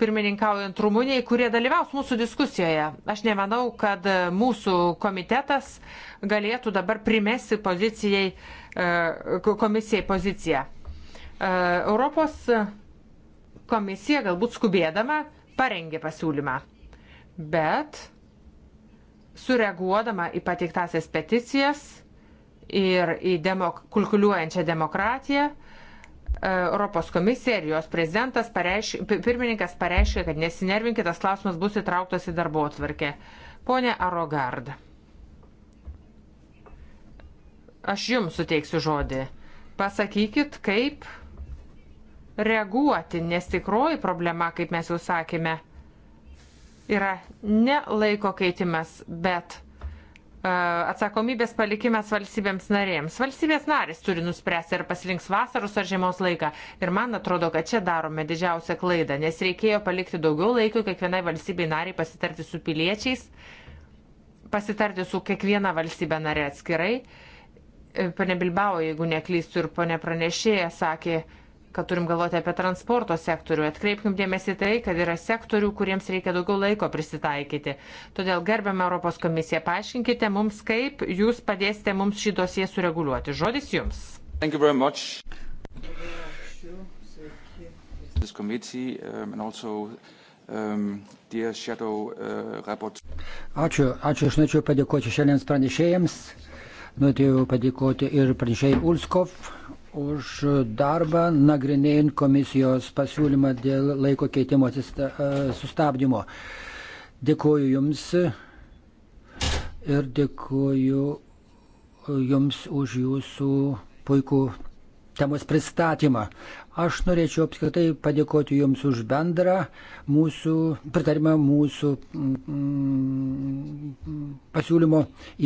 pirmininkaujant Rumunijai, kurie dalyvaus mūsų diskusijoje. Aš nemanau, kad mūsų komitetas galėtų dabar primesti pozicijai, e, komisijai poziciją. E, Europos komisija galbūt skubėdama parengė pasiūlymą, bet sureaguodama į pateiktasias peticijas ir į demok kulkuliuojančią demokratiją Europos komisija ir jos prezidentas pareiškė, pirmininkas pareiškė, kad nesinervinkit, tas klausimas bus įtrauktas į darbo atvarkę. Pone Arogard, aš jums suteiksiu žodį. Pasakykit, kaip reaguoti, nes tikroji problema, kaip mes jau sakėme, yra ne laiko keitimas, bet atsakomybės palikimas valstybėms narėms. Valstybės narės turi nuspręsti, ar pasirinks vasaros ar žiemos laiką. Ir man atrodo, kad čia darome didžiausią klaidą, nes reikėjo palikti daugiau laiko kiekvienai valstybei nariai pasitarti su piliečiais, pasitarti su kiekviena valstybė narė atskirai. E, pane Bilbao, jeigu neklystu, ir pane pranešėja sakė, kad turim galvoti apie transporto sektorių. Atkreipkim dėmesį tai, kad yra sektorių, kuriems reikia daugiau laiko prisitaikyti. Todėl gerbiamą Europos komisiją, paaiškinkite mums, kaip jūs padėsite mums šį dosiją sureguliuoti. Žodis jums. Um, um, uh, ačiū, ačiū, aš norėčiau padėkoti šiandien pranešėjams, norėjau padėkoti ir pranešėjai Ulskov, už darbą nagrinėjant komisijos pasiūlymą dėl laiko keitimo e, sustabdymo. Dėkuoju Jums ir dėkuoju Jums už Jūsų puikų temos pristatymą. Aš norėčiau apskritai padėkoti Jums už bendrą mūsų pritarimą, mūsų mm, mm pasiūlymo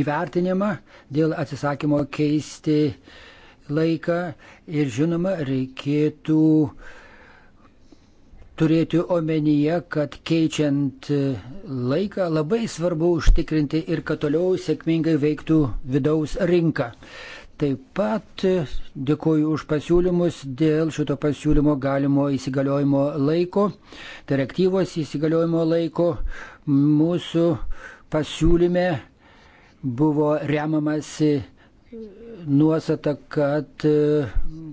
įvertinimą dėl atsisakymo keisti uh, laiką ir žinoma reikėtų turėti omenyje, kad keičiant laiką labai svarbu užtikrinti ir kad toliau sėkmingai veiktų vidaus rinka. Taip pat dėkoju už pasiūlymus dėl šito pasiūlymo galimo įsigaliojimo laiko, direktyvos įsigaliojimo laiko. Mūsų pasiūlyme buvo remamasi nuostata, kad e,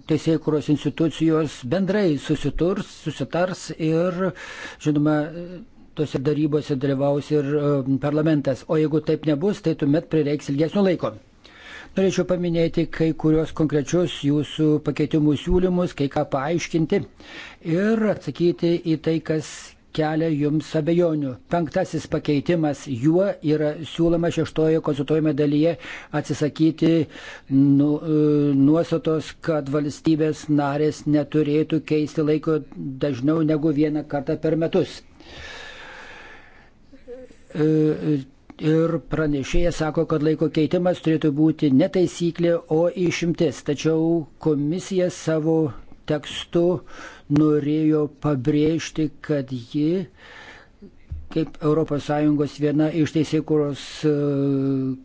teisėkuros institucijos bendrai susiturs, susitars ir, žinoma, tose darybose dalyvaus ir e, parlamentas. O jeigu taip nebus, tai tuomet prireiks ilgesnio laiko. Norėčiau paminėti kai kurios konkrečius jūsų pakeitimų siūlymus, kai ką paaiškinti ir atsakyti į tai, kas kelia jums abejonių. Penktasis pakeitimas, juo yra siūloma šeštojo konsultuojame dalyje atsisakyti nu, e, nuostatos, kad valstybės narės neturėtų keisti laiko dažniau negu vieną kartą per metus. E, ir pranešėjas sako, kad laiko keitimas turėtų būti ne taisyklė, o išimtis. Tačiau komisija savo tekstu norėjo pabrėžti, kad ji kaip ES viena iš teisėkuros e,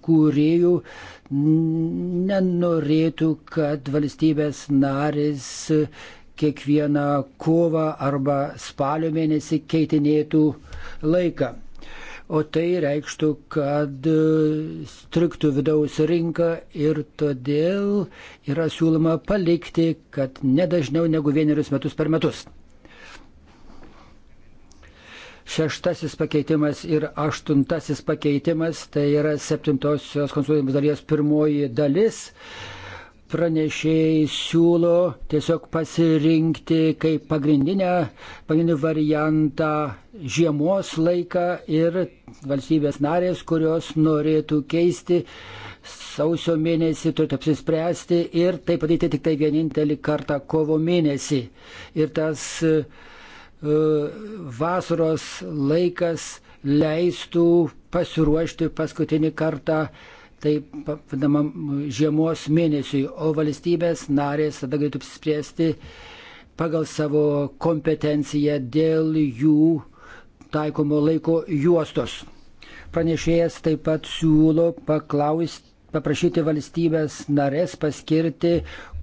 kūrėjų nenorėtų, kad valstybės narės kiekvieną kovą arba spalio mėnesį keitinėtų laiką o tai reikštų, kad e, striktų vidaus rinka ir todėl yra siūloma palikti, kad nedažniau negu vienerius metus per metus. Šeštasis pakeitimas ir aštuntasis pakeitimas, tai yra septintosios konsultacijos dalies pirmoji dalis. Uh, pranešėjai siūlo tiesiog pasirinkti kaip pagrindinę, pagrindinį variantą žiemos laiką ir valstybės narės, kurios norėtų keisti sausio mėnesį, turėtų apsispręsti ir tai padaryti tik tai vienintelį kartą kovo mėnesį. Ir tas uh, vasaros laikas leistų pasiruošti paskutinį kartą uh, taip vadinamam žiemos mėnesiui, o valstybės narės tada galėtų apsispręsti pagal savo kompetenciją dėl jų taikomo laiko juostos. Pranešėjas taip pat siūlo paklausti, paprašyti valstybės narės paskirti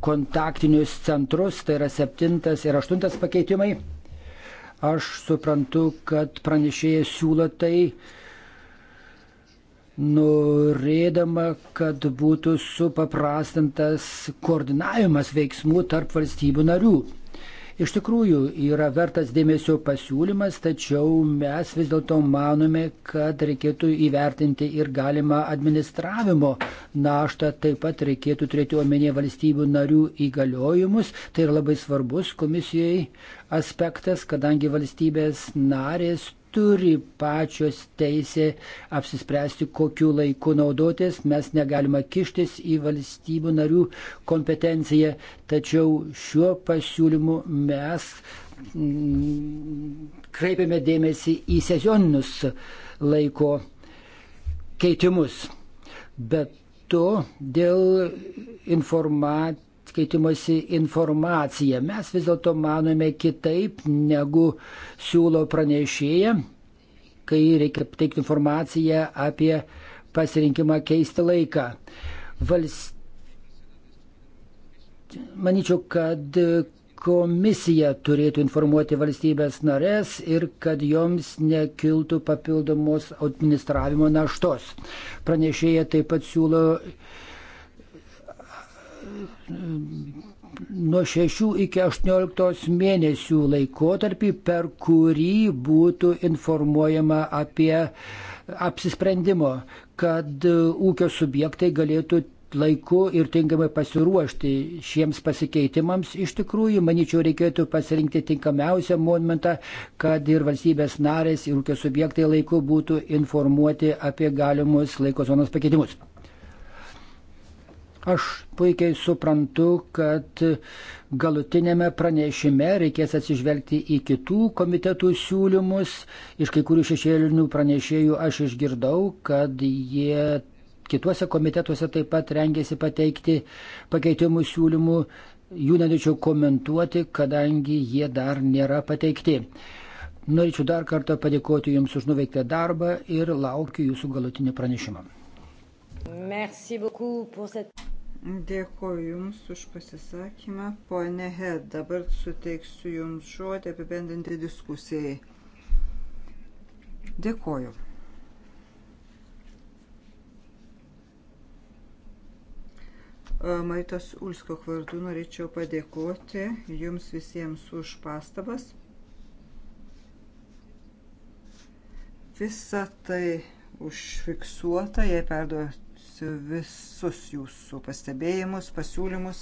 kontaktinius centrus, tai yra septintas ir aštuntas pakeitimai. Aš suprantu, kad pranešėjas siūlo tai norėdama, kad būtų supaprastintas koordinavimas veiksmų tarp valstybių narių. Iš tikrųjų yra vertas dėmesio pasiūlymas, tačiau mes vis dėlto manome, kad reikėtų įvertinti ir galimą administravimo naštą, taip pat reikėtų turėti omenyje valstybių narių įgaliojimus. Tai yra labai svarbus komisijai aspektas, kadangi valstybės narės turi pačios teisė apsispręsti, kokiu laiku naudotis. Mes negalime kištis į valstybių narių kompetenciją, tačiau šiuo pasiūlymu mes mm, kreipiame dėmesį į sezoninius laiko keitimus. Bet to dėl informacijos keitimosi informacija. Mes vis dėlto manome kitaip negu siūlo pranešėja, kai reikia teikti informaciją apie pasirinkimą keisti laiką. Valst... Maničiau, kad komisija turėtų informuoti valstybės narės ir kad joms nekiltų papildomos administravimo naštos. Pranešėja taip pat siūlo nuo 6 iki 18 mėnesių laikotarpį, per kurį būtų informuojama apie apsisprendimo, kad ūkio subjektai galėtų laiku ir tinkamai pasiruošti šiems pasikeitimams. Iš tikrųjų, manyčiau, reikėtų pasirinkti tinkamiausią momentą, kad ir valstybės narės, ir ūkio subjektai laiku būtų informuoti apie galimus laiko zonos pakeitimus. Aš puikiai suprantu, kad galutinėme pranešime reikės atsižvelgti į kitų komitetų siūlymus. Iš kai kurių šešėlinių pranešėjų aš išgirdau, kad jie kituose komitetuose taip pat rengėsi pateikti pakeitimų siūlymų. Jų norėčiau komentuoti, kadangi jie dar nėra pateikti. Norėčiau dar kartą padėkoti Jums už nuveiktą darbą ir laukiu Jūsų galutinį pranešimą. Cette... Dėkuoju Jums už pasisakymą. Pone Hed, dabar suteiksiu Jums žodį apibendinti diskusijai. Dėkuoju. Maritos Ulskio vardu norėčiau padėkoti Jums visiems už pastabas. Visa tai užfiksuota, jei perduot išklausysiu visus jūsų pastebėjimus, pasiūlymus.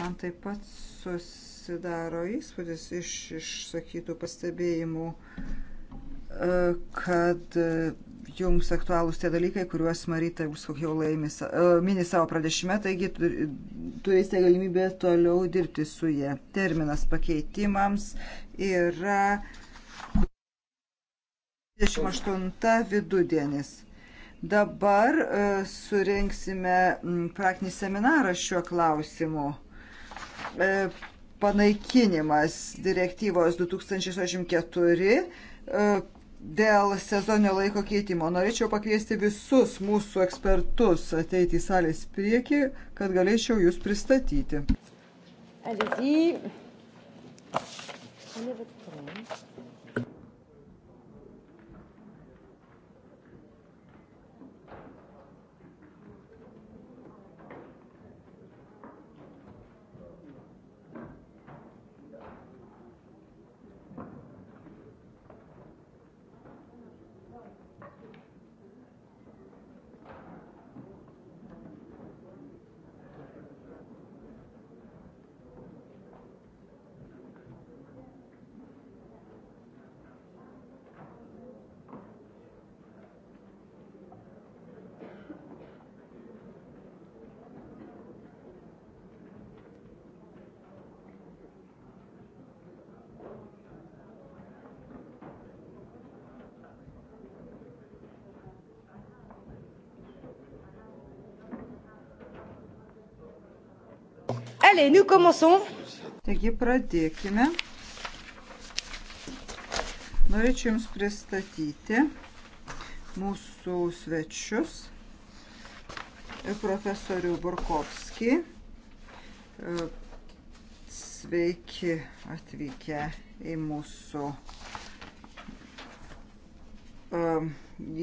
Man taip pat susidaro įspūdis iš išsakytų pastebėjimų, e, kad e, jums aktualūs tie dalykai, kuriuos Marita jūs kokiau laimės, e, mini savo pradėšime, taigi turėsite galimybę toliau dirbti su jie. Terminas pakeitimams yra 28 vidudienis. Dabar e, surinksime praktinį seminarą šiuo klausimu. E, panaikinimas direktyvos 2084 e, dėl sezoninio laiko keitimo. Norėčiau pakviesti visus mūsų ekspertus ateiti į salės priekį, kad galėčiau jūs pristatyti. Allez-y. Prenez votre temps. Allez, nous commençons. Taigi pradėkime. Norėčiau Jums pristatyti mūsų svečius. Profesorių Burkovskį. Sveiki atvykę į mūsų um,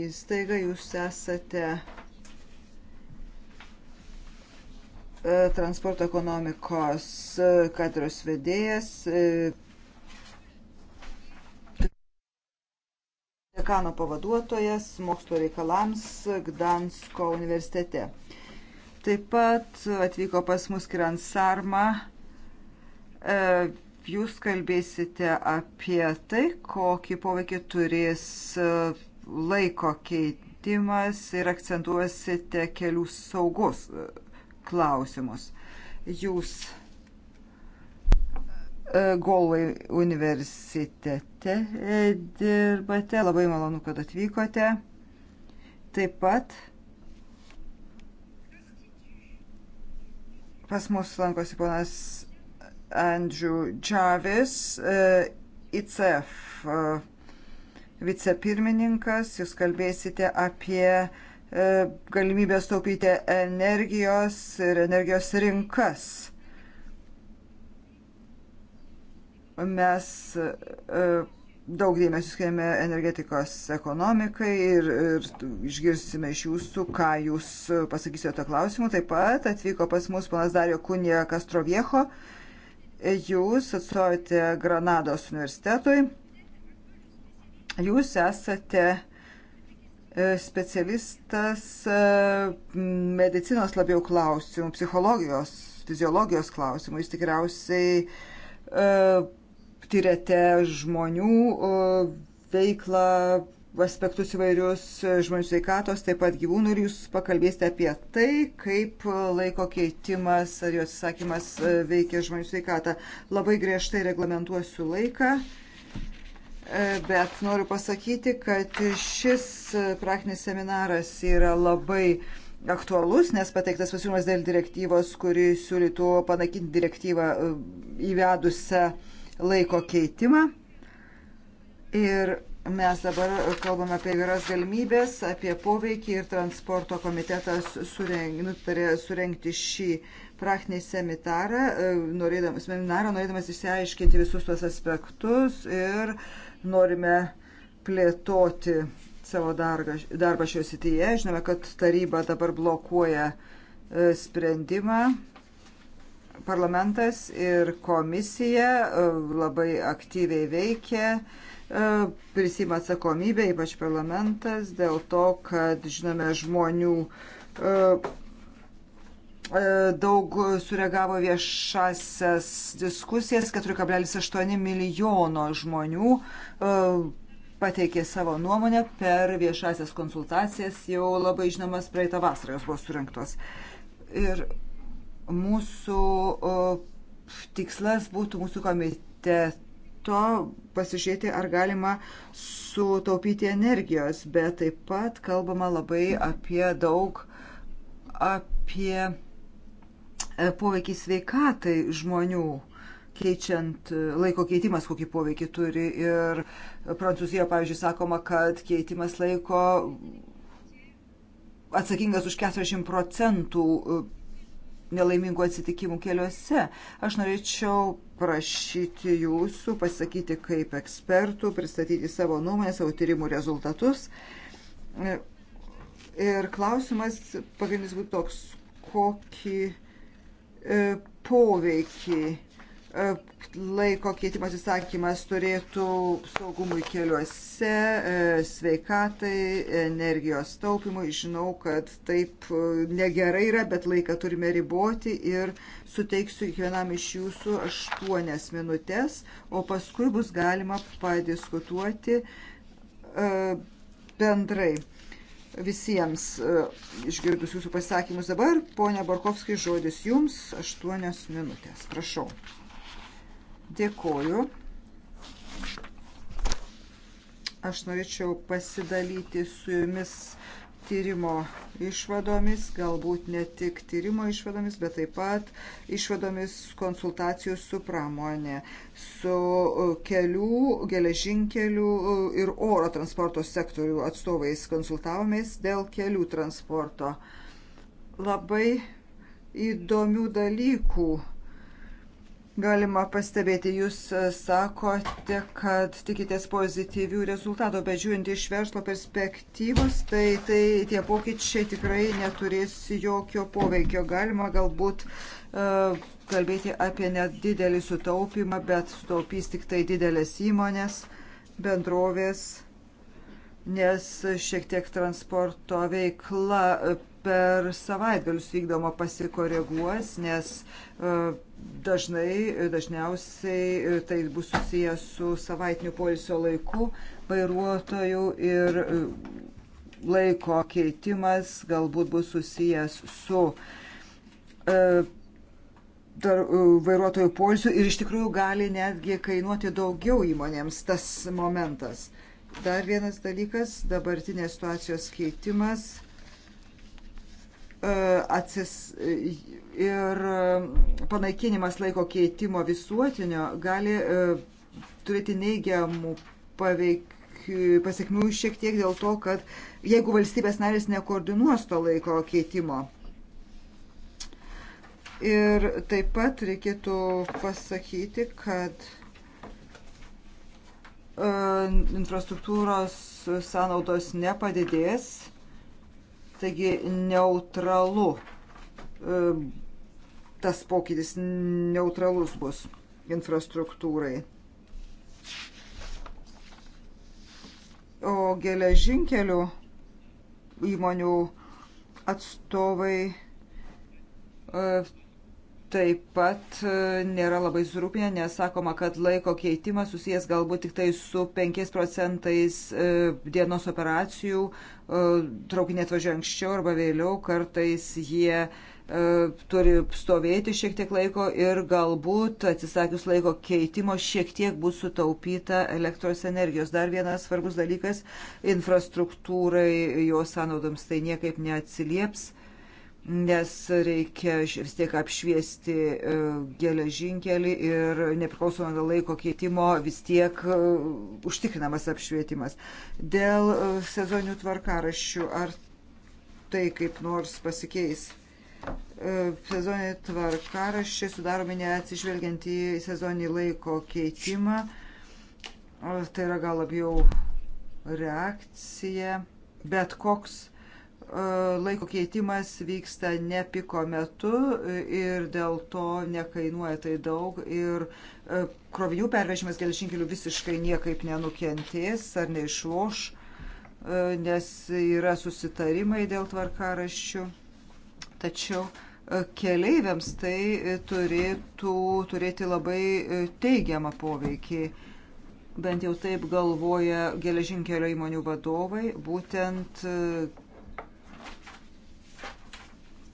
įstaigą. Jūs esate E, transporto ekonomikos e, katros vedėjas. E, dekano pavaduotojas mokslo reikalams Gdansko universitete. Taip pat atvyko pas mus Kiran Sarma. Jūs kalbėsite apie tai, kokį poveikį turės laiko keitimas ir akcentuosite kelių saugos klausimus. Jūs e, Golvai universitete e, dirbate, labai malonu, kad atvykote. Taip pat pas mus lankosi ponas Andrew Jarvis, e, ICF vicepirmininkas, jūs kalbėsite apie E, galimybės taupyti energijos ir energijos rinkas. Mes e, daug dėmesio skiriame energetikos ekonomikai ir, ir išgirsime iš jūsų, ką jūs pasakysite to klausimu. Taip pat atvyko pas mus panas Dario Kunė Kastroviecho. Jūs atstovote Granados universitetui. Jūs esate uh, E, specialistas e, medicinos labiau klausimų, psichologijos, fiziologijos klausimų. Jūs tikriausiai e, tyrėte žmonių veiklą, aspektus įvairius žmonių sveikatos, taip pat gyvūnų ir jūs pakalbėsite apie tai, kaip laiko keitimas ar jo atsisakymas veikia žmonių sveikatą. Labai griežtai reglamentuosiu laiką bet noriu pasakyti, kad šis praktinis seminaras yra labai aktualus, nes pateiktas pasiūlymas dėl direktyvos, kuri siūlytų panaikinti direktyvą e, įvedusią laiko keitimą. Ir mes dabar kalbame apie vyras galimybės, apie poveikį ir transporto komitetas sureng, nutarė surengti šį praktinį seminarą, e, norėdamas, seminarą, norėdamas išsiaiškinti visus tuos aspektus ir uh, norime plėtoti savo darbą, darbą šioje sityje. Žinome, kad taryba dabar blokuoja e, sprendimą. Parlamentas ir komisija e, labai aktyviai veikia e, prisima atsakomybę, ypač parlamentas, dėl to, kad, žinome, žmonių E, daug sureagavo viešasias diskusijas, 4,8 milijono žmonių e, pateikė savo nuomonę per viešasias konsultacijas, jau labai žinomas praeitą vasarą jos buvo surinktos. Ir mūsų e, tikslas būtų mūsų komiteto pasižiūrėti, ar galima sutaupyti energijos, bet taip pat kalbama labai apie daug, apie poveikį sveikatai žmonių, keičiant e, laiko keitimas, kokį poveikį turi. Ir Prancūzijoje, pavyzdžiui, sakoma, kad keitimas laiko atsakingas už 40 procentų e, nelaimingų atsitikimų keliuose. Aš norėčiau prašyti jūsų pasakyti kaip ekspertų, pristatyti savo nuomonę, savo tyrimų rezultatus. E, ir klausimas pagrindinis būtų toks, kokį E, poveikį. E, laiko keitimas įsakymas turėtų saugumui keliuose, e, sveikatai, energijos taupimui. Žinau, kad taip negerai yra, bet laiką turime riboti ir suteiksiu kiekvienam iš jūsų aštuonias minutės, o paskui bus galima padiskutuoti bendrai visiems e, išgirdus jūsų pasisakymus dabar. Pone Barkovskai, žodis jums, aštuonios minutės. Prašau. Dėkoju. Aš norėčiau pasidalyti su jumis tyrimo išvadomis, galbūt ne tik tyrimo išvadomis, bet taip pat išvadomis konsultacijų su pramonė, su e, kelių, geležinkelių e, ir oro transporto sektorių atstovais konsultavomės dėl kelių transporto. Labai įdomių dalykų galima pastebėti. Jūs e, sakote, kad tikitės pozityvių rezultatų, bet žiūrint iš verslo perspektyvos, tai, tai tie pokyčiai tikrai neturės jokio poveikio. Galima galbūt uh, kalbėti apie nedidelį sutaupimą, bet sutaupys tik tai didelės įmonės, bendrovės, nes šiek tiek transporto veikla per savaitgalius vykdoma pasikoreguos, nes e, dažnai, dažniausiai e, tai bus susijęs su savaitiniu polisio laiku vairuotojų ir e, laiko keitimas galbūt bus susijęs su dar, vairuotojų polisiu ir iš tikrųjų gali netgi kainuoti daugiau įmonėms tas momentas. Dar vienas dalykas - dabartinės situacijos keitimas E, atsis e, ir e, panaikinimas laiko keitimo visuotinio gali turėti neigiamų paveik, pasiekmių šiek tiek dėl to, kad jeigu valstybės narės nekoordinuos to laiko keitimo. Ir taip pat reikėtų pasakyti, kad infrastruktūros sąnaudos nepadidės Taigi neutralu e, tas pokytis neutralus bus infrastruktūrai. O geležinkelių įmonių atstovai e, taip pat e, nėra labai surūpinę, nes sakoma, kad laiko keitimas susijęs galbūt tik tai su 5 procentais e, dienos operacijų, e, traukinė atvažiuoja anksčiau arba vėliau, kartais jie turi stovėti šiek tiek laiko ir galbūt atsisakius laiko keitimo šiek tiek bus sutaupyta elektros energijos. Dar vienas svarbus dalykas - infrastruktūrai, jos sąnaudoms tai niekaip neatsilieps nes reikia vis tiek apšviesti e, geležinkelį ir nepriklausomai nuo laiko keitimo vis tiek e, užtikrinamas apšvietimas. Dėl e, sezoninių tvarkaraščių, ar tai kaip nors pasikeis? Sezoniniai tvarkaraščiai sudaromi neatsižvelgiant į sezoninį laiko keitimą. Tai yra gal labiau reakcija, bet koks E, laiko keitimas vyksta ne piko metu ir dėl to nekainuoja tai daug ir e, krovinių pervežimas geležinkeliu visiškai niekaip nenukentės ar neišloš, e, nes yra susitarimai dėl tvarkaraščių. Tačiau keleiviams tai turėtų turėti labai teigiamą poveikį bent jau taip galvoja geležinkelio įmonių vadovai, būtent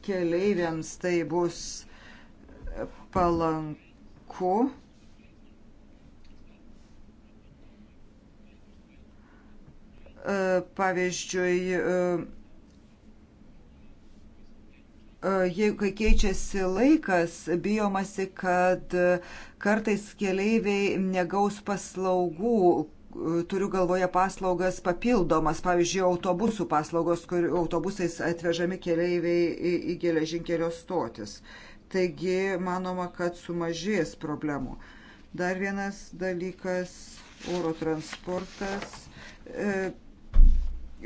keleiviams tai bus palanku. E, pavyzdžiui, e, e, jeigu kai keičiasi laikas, bijomasi, kad kartais keleiviai negaus paslaugų, turiu galvoje paslaugas papildomas, pavyzdžiui, autobusų paslaugos, kur autobusais atvežami keleiviai į, į geležinkelio stotis. Taigi, manoma, kad sumažės problemų. Dar vienas dalykas - oro transportas. E,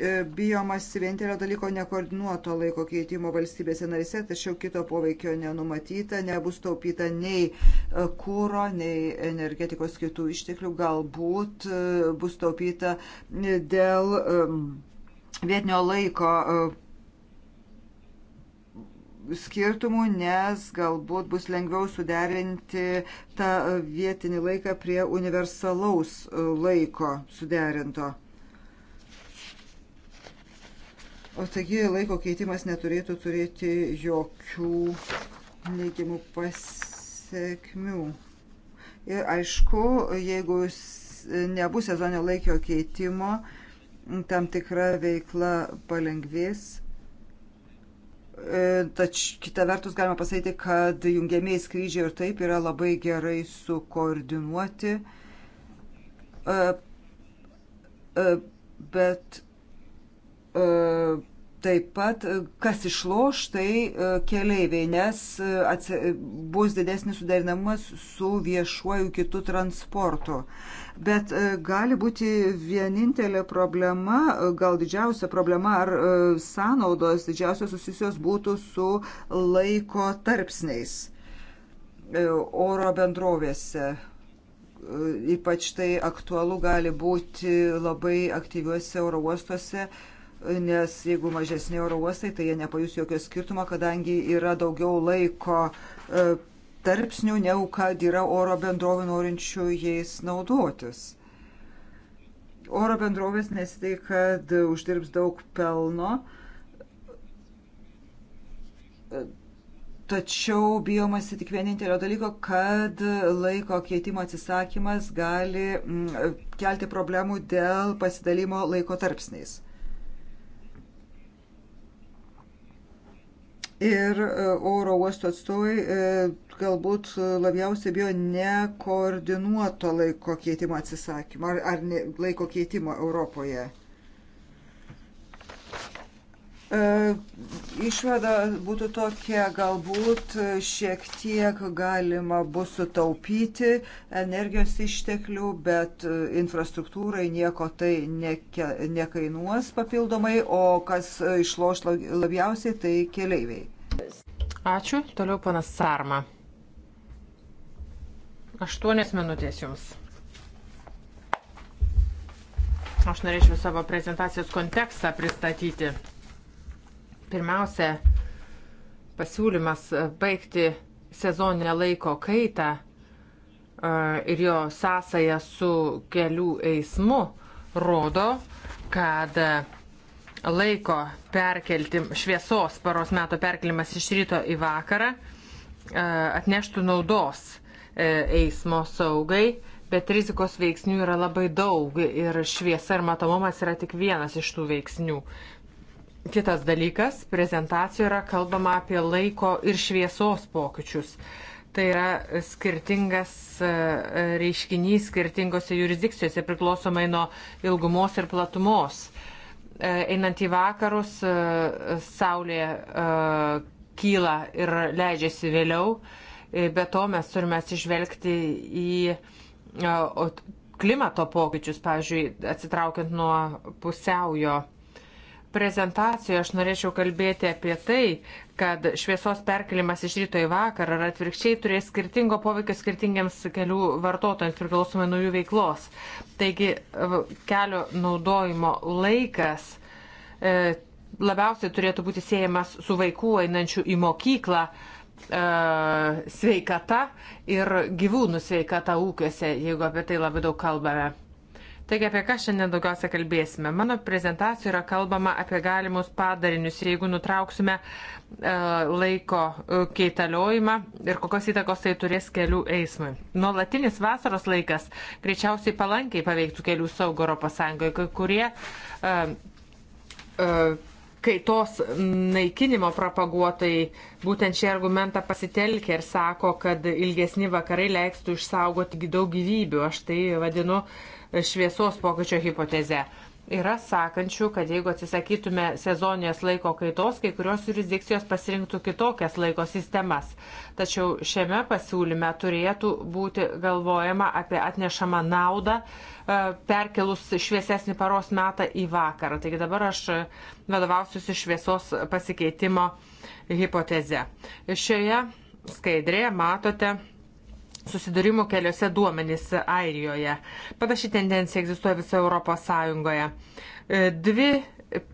E, bijomasi vienintelio dalyko nekoordinuoto laiko keitimo valstybėse narise, tačiau kito poveikio nenumatyta, nebus taupyta nei e, kūro, nei energetikos kitų išteklių, galbūt e, bus taupyta dėl vietinio laiko skirtumų, nes galbūt bus lengviau suderinti tą vietinį laiką prie universalaus laiko suderinto. O taigi laiko keitimas neturėtų turėti jokių neigiamų pasiekmių. Ir aišku, jeigu nebus sezoninio laikio keitimo, tam tikra veikla palengvės. E, Tačiau kita vertus galima pasakyti, kad jungiamieji skrydžiai ir taip yra labai gerai sukoordinuoti. E, e, bet E, taip pat, e, kas išloš, tai e, keleiviai, nes bus didesnis suderinamas su viešuoju kitų transportu. Bet gali būti vienintelė problema, gal didžiausia problema ar sąnaudos didžiausios susijusios būtų su laiko tarpsniais oro bendrovėse ypač tai aktualu gali būti labai aktyviuose oro uostuose, nes jeigu mažesni oro uostai, tai jie nepajus jokio skirtumo, kadangi yra daugiau laiko e, tarpsnių, negu kad yra oro bendrovių norinčių jais naudotis. Oro bendrovės nesitai, kad uždirbs daug pelno, e, tačiau bijomasi tik vienintelio dalyko, kad laiko keitimo atsisakymas gali kelti problemų dėl pasidalimo laiko tarpsniais. Ir e, oro uosto atstovai e, galbūt labiausiai bijo nekoordinuoto laiko keitimo atsisakymą ar, ar ne, laiko keitimo Europoje. E, išvada būtų tokia, galbūt e, šiek tiek galima bus sutaupyti energijos išteklių, bet e, infrastruktūrai nieko tai neke, nekainuos papildomai, o kas išloš labiausiai, tai keleiviai. Ačiū. Toliau panas Sarma. Aštuonės minutės jums. Aš norėčiau savo prezentacijos kontekstą pristatyti. Pirmiausia, pasiūlymas e, baigti sezoninę laiko kaitą e, ir jo sąsaja su kelių eismu rodo, kad e, laiko perkeltim, šviesos paros meto perkelimas iš ryto į vakarą atneštų naudos eismo saugai, bet rizikos veiksnių yra labai daug ir šviesa ir matomumas yra tik vienas iš tų veiksnių. Kitas dalykas, prezentacijoje yra kalbama apie laiko ir šviesos pokyčius. Tai yra skirtingas e, e, reiškinys skirtingose jurisdikcijose priklausomai nuo ilgumos ir platumos. E, einant į vakarus, saulė kyla ir leidžiasi vėliau, bet to mes turime atsižvelgti į klimato pokyčius, pavyzdžiui, atsitraukiant nuo pusiaujo prezentacijoje aš norėčiau kalbėti apie tai, kad šviesos perkelimas iš ryto į vakarą ar atvirkščiai turės skirtingo poveikio skirtingiems kelių vartotojams priklausomai nuo jų veiklos. Taigi kelio naudojimo laikas e, labiausiai turėtų būti siejamas su vaikų einančių į mokyklą e, sveikata ir gyvūnų sveikata ūkiuose, jeigu apie tai labai daug kalbame. Taigi apie ką šiandien daugiausia kalbėsime? Mano prezentacijoje yra kalbama apie galimus padarinius, jeigu nutrauksime e, laiko e, keitaliojimą ir kokios įtakos tai turės kelių eismui. Nuolatinis vasaros laikas greičiausiai palankiai paveiktų kelių saugų Europos Sąjungoje, kai kurie uh, uh, kaitos naikinimo propaguotojai būtent šį argumentą pasitelkia ir sako, kad ilgesni vakarai leistų išsaugoti daug gyvybių. Aš tai vadinu uh, šviesos pokyčio hipotezę. Yra sakančių, kad jeigu atsisakytume sezoninės laiko kaitos, kai kurios jurisdikcijos pasirinktų kitokias laiko sistemas. Tačiau šiame pasiūlyme turėtų būti galvojama apie atnešamą naudą e, perkelus šviesesnį paros metą į vakarą. Taigi dabar aš vadovausiuosi šviesos pasikeitimo hipoteze. Šioje skaidrėje matote susidūrimų keliuose duomenys Airijoje. Panaši tendencija egzistuoja visoje Europos Sąjungoje. E, dvi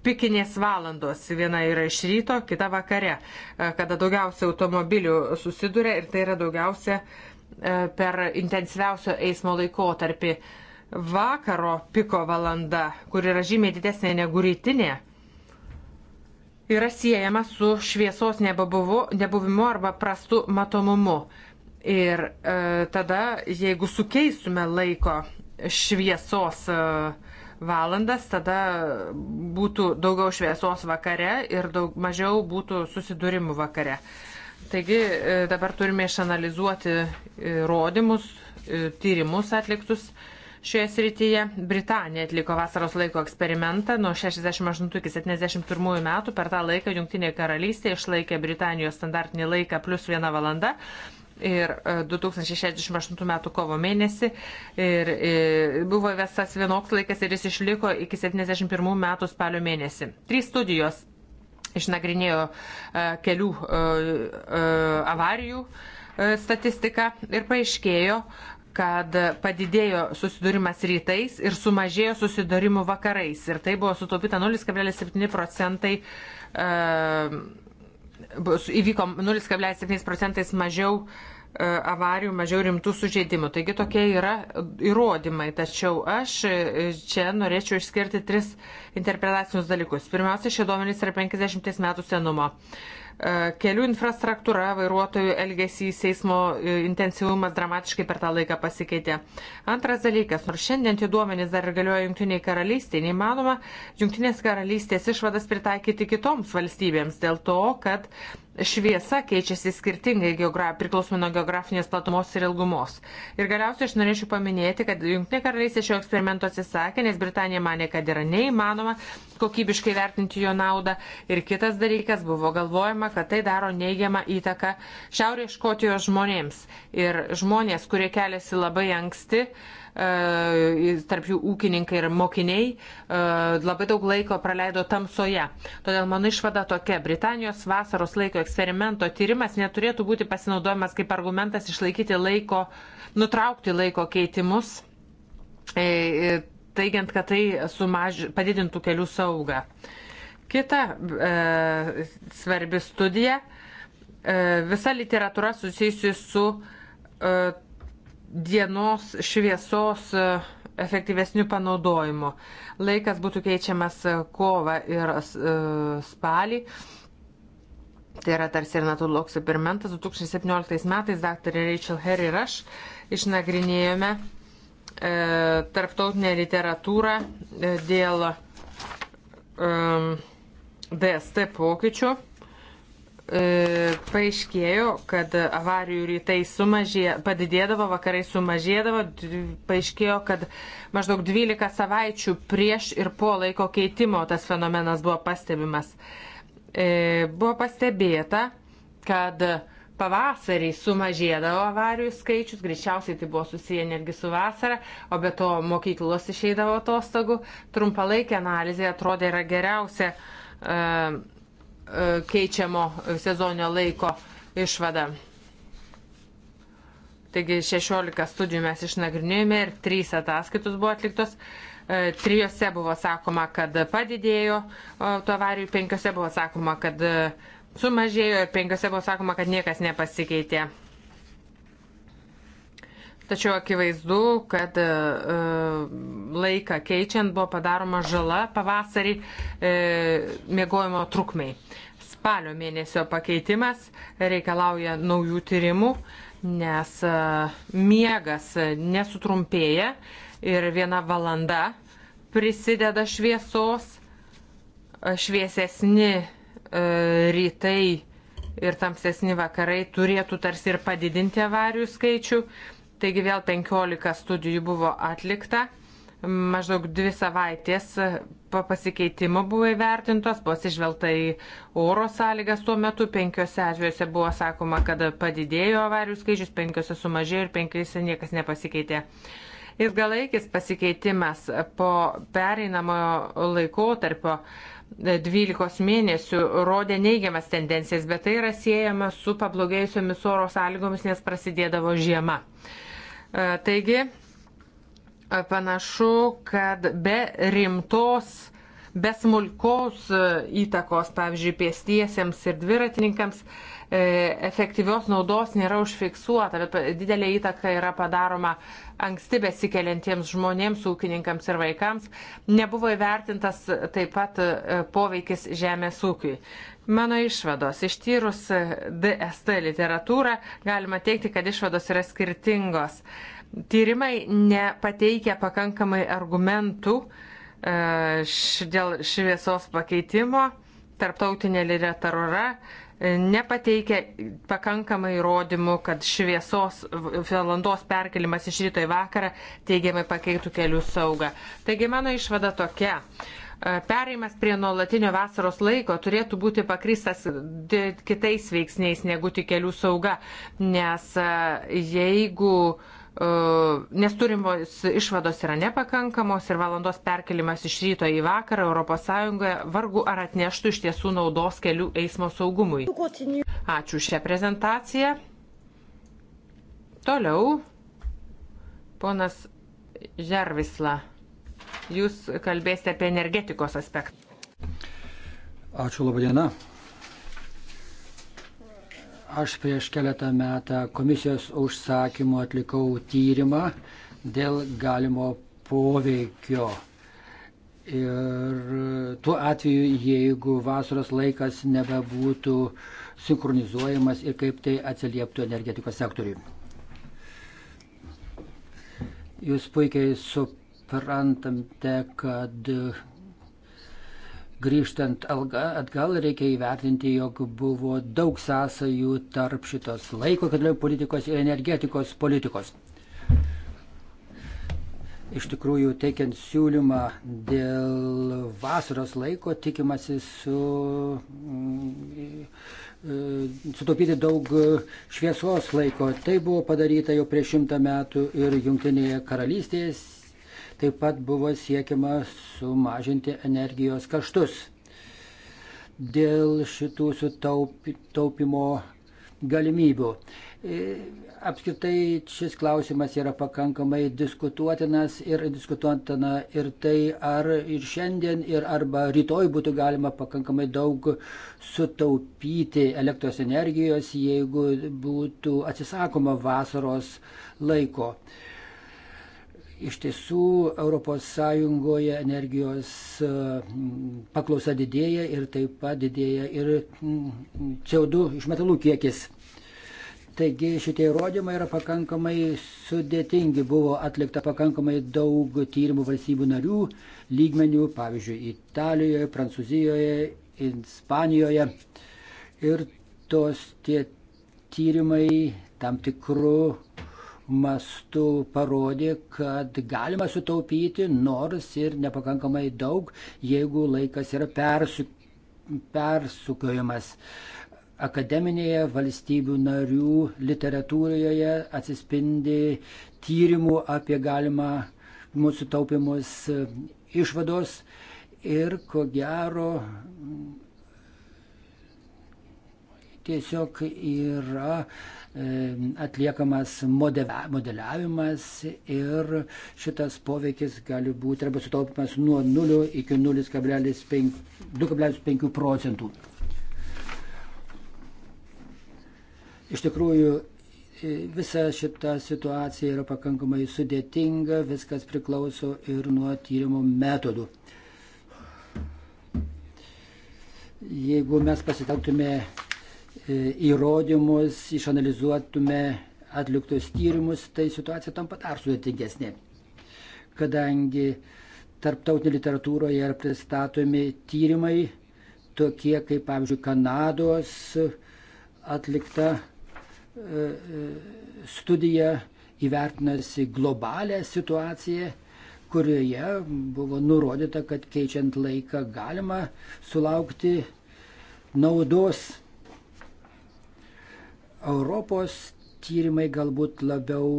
pikinės valandos, viena yra iš ryto, kita vakare, e, kada daugiausia automobilių susiduria ir tai yra daugiausia e, per intensyviausio eismo laikotarpį. Vakaro piko valanda, kur yra žymiai didesnė negu rytinė, yra siejama su šviesos nebuvimu arba prastu matomumu. Ir e, tada, jeigu sukeistume laiko šviesos e, valandas, tada būtų daugiau šviesos vakare ir daug, mažiau būtų susidūrimų vakare. Taigi e, dabar turime išanalizuoti įrodymus, e, tyrimus atliktus šioje srityje. Britanija atliko vasaros laiko eksperimentą nuo 68 iki 71 metų. Per tą laiką Junktinė karalystė išlaikė Britanijos standartinį laiką plus vieną valandą, ir 2068 e, metų kovo mėnesį ir, ir e, buvo įvestas vienoks laikas ir jis išliko iki 71 metų spalio mėnesį. Trys studijos išnagrinėjo e, kelių avarijų statistiką ir paaiškėjo, kad padidėjo susidūrimas rytais ir sumažėjo susidūrimų vakarais. Ir tai buvo sutaupyta 0,7 procentai uh, įvyko 0,7 procentais mažiau e, avarijų, mažiau rimtų sužeidimų. Taigi tokie yra įrodymai. Tačiau aš e, čia norėčiau išskirti tris interpretacinius dalykus. Pirmiausia, šie duomenys yra 50 metų senumo. E, kelių infrastruktūra, vairuotojų elgesys, eismo e, intensyvumas dramatiškai per tą laiką pasikeitė. Antras dalykas, nors šiandien tie duomenys dar ir galioja Junktiniai karalystiai, neįmanoma Junktinės karalystės išvadas pritaikyti kitoms valstybėms dėl to, kad šviesa keičiasi skirtingai geogra... priklausomai nuo geografinės platumos ir ilgumos. Ir galiausiai aš norėčiau paminėti, kad Junktinė karalystė šio eksperimento atsisakė, nes Britanija mane, kad yra neįmanoma kokybiškai vertinti jo naudą. Ir kitas dalykas buvo galvojama, kad tai daro neigiamą įtaką Šiaurės Škotijos žmonėms. Ir žmonės, kurie keliasi labai anksti, uh, E, tarp jų ūkininkai ir mokiniai, e, labai daug laiko praleido tamsoje. Todėl mano išvada tokia, Britanijos vasaros laiko eksperimento tyrimas neturėtų būti pasinaudojamas kaip argumentas išlaikyti laiko, nutraukti laiko keitimus, e, teigiant, kad tai sumaž... padidintų kelių saugą. Kita e, svarbi studija. E, visa literatūra susijusi su e, dienos šviesos e, efektyvesnių panaudojimų. Laikas būtų keičiamas e, kovą ir e, spalį. Tai yra tarsi ir natūralų eksperimentas. 2017 metais dr. Rachel Herr ir aš išnagrinėjome e, tarptautinę literatūrą e, dėl e, DST pokyčių. E, paaiškėjo, kad avarijų rytai sumažė, padidėdavo, vakarai sumažėdavo, paaiškėjo, kad maždaug 12 savaičių prieš ir po laiko keitimo tas fenomenas buvo pastebimas. E, buvo pastebėta, kad pavasarį sumažėdavo avarijų skaičius, greičiausiai tai buvo susiję netgi su vasara, o be to mokyklos išeidavo atostogų. Trumpalaikė analizė atrodė yra geriausia. Uh, E, keičiamo sezoninio laiko išvada. Taigi 16 studijų mes išnagrinėjome ir 3 ataskaitos buvo atliktos. E, trijose buvo sakoma, kad padidėjo to avarijų, penkiose buvo sakoma, kad e, sumažėjo ir penkiose buvo sakoma, kad niekas nepasikeitė. Tačiau akivaizdu, kad e, e, laiką keičiant buvo padaroma žala pavasarį e, mėgojimo trukmiai. Spalio mėnesio pakeitimas reikalauja naujų tyrimų, nes miegas nesutrumpėja ir viena valanda prisideda šviesos, šviesesni rytai ir tamsesni vakarai turėtų tarsi ir padidinti avarijų skaičių, Taigi vėl 15 studijų buvo atlikta, maždaug dvi savaitės po pasikeitimo buvo įvertintos, buvo atsižvelgta į oro sąlygas tuo metu, penkiose atvejuose buvo sakoma, kad padidėjo avarijų skaičius, penkiose sumažėjo ir penkiose niekas nepasikeitė. Ilgalaikis pasikeitimas po pereinamojo laikotarpio 12 mėnesių rodė neigiamas tendencijas, bet tai yra siejama su pablogėjusiomis oro sąlygomis, nes prasidėdavo žiema. E, taigi, e, panašu, kad be rimtos, be smulkos e, įtakos, pavyzdžiui, pėstiesiems ir dviratininkams, efektyvios naudos nėra užfiksuota, bet didelė įtaka yra padaroma anksti besikeliantiems žmonėms, ūkininkams ir vaikams. Nebuvo įvertintas taip pat poveikis žemės ūkiui. Mano išvados. Ištyrus DST literatūrą galima teikti, kad išvados yra skirtingos. Tyrimai nepateikia pakankamai argumentų e, dėl šviesos pakeitimo. Tarptautinė literatūra e, nepateikia pakankamai įrodymų, kad šviesos valandos perkelimas iš ryto į vakarą teigiamai pakeiktų kelių saugą. Taigi mano išvada tokia. E, Pereimas prie nuolatinio vasaros laiko turėtų būti pakrystas kitais veiksniais negu tik kelių sauga, nes e, jeigu e, Nes turimos išvados yra nepakankamos ir valandos perkelimas iš ryto į vakarą ES vargu ar atneštų iš tiesų naudos kelių eismo saugumui. Ačiū šią prezentaciją. Toliau ponas Žervisla jūs kalbėsite apie energetikos aspektą. Ačiū labai diena. Aš prieš keletą metą komisijos užsakymu atlikau tyrimą dėl galimo poveikio. Ir tuo atveju, jeigu vasaros laikas nebebūtų sinchronizuojamas ir kaip tai atsilieptų energetikos sektoriui. Jūs puikiai supratote suprantamte, kad grįžtant atgal reikia įvertinti, jog buvo daug sąsajų tarp šitos laiko katalėjų politikos ir energetikos politikos. Iš tikrųjų, teikiant siūlymą dėl vasaros laiko, tikimasi su, mm, e, sutaupyti daug šviesos laiko. Tai buvo padaryta jau prieš šimtą metų ir Junktinėje karalystėje Taip pat buvo siekiama sumažinti energijos kaštus. Dėl šitų sutaupimo galimybių. E, apskritai šis klausimas yra pakankamai diskutuotinas ir diskutuotina ir tai, ar ir šiandien, ir arba rytoj būtų galima pakankamai daug sutaupyti elektros energijos, jeigu būtų atsisakoma vasaros laiko. Iš tiesų ES energijos e, paklausa didėja ir taip pat didėja ir mm, CO2 iš metalų kiekis. Taigi šitie įrodymai yra pakankamai sudėtingi. Buvo atlikta pakankamai daug tyrimų valstybių narių lygmenių, pavyzdžiui, Italijoje, Prancūzijoje, Ispanijoje. Ir tos tie tyrimai tam tikrų mastu parodė, kad galima sutaupyti, nors ir nepakankamai daug, jeigu laikas yra persu, persukiojamas. Akademinėje valstybių narių literatūroje atsispindi tyrimų apie galimą mūsų taupimus išvados ir ko gero tiesiog yra atliekamas modeliavimas ir šitas poveikis gali būti arba sutaupimas nuo 0 iki 0,2,5 procentų. Iš tikrųjų, visa šita situacija yra pakankamai sudėtinga, viskas priklauso ir nuo tyrimo metodų. Jeigu mes pasitelktume E, įrodymus, išanalizuotume atliktus tyrimus, tai situacija tampa dar sudėtingesnė. Kadangi tarptautinė literatūroje yra pristatomi tyrimai, tokie kaip, pavyzdžiui, Kanados atlikta e, e, studija įvertinasi globalę situaciją, kurioje buvo nurodyta, kad keičiant laiką galima sulaukti naudos Europos tyrimai galbūt labiau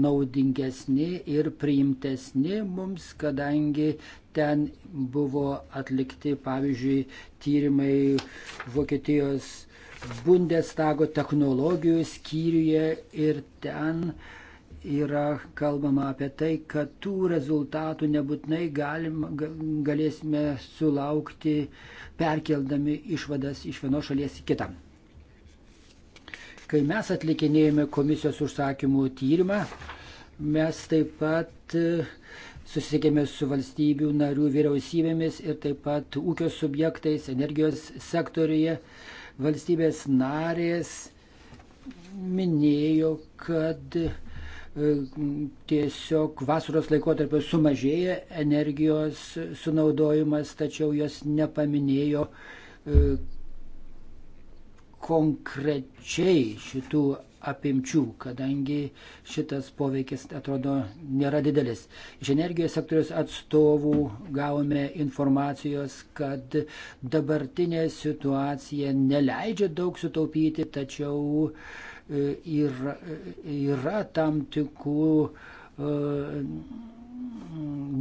naudingesni ir priimtesni mums, kadangi ten buvo atlikti, pavyzdžiui, tyrimai Vokietijos Bundestago technologijų skyriuje ir ten yra kalbama apie tai, kad tų rezultatų nebūtinai galim, galėsime sulaukti perkeldami išvadas iš vienos šalies į kitą. Kai mes atlikinėjome komisijos užsakymų tyrimą, mes taip pat e, susisiekėme su valstybių narių vyriausybėmis ir taip pat ūkio subjektais, energijos sektoriuje. Valstybės narės minėjo, kad e, tiesiog vasaros laikotarpiu sumažėja energijos sunaudojimas, tačiau jos nepaminėjo e, konkrečiai šitų apimčių, kadangi šitas poveikis atrodo nėra didelis. Iš energijos sektoriaus atstovų gavome informacijos, kad dabartinė situacija neleidžia daug sutaupyti, tačiau yra, e, e, yra tam tikrų e,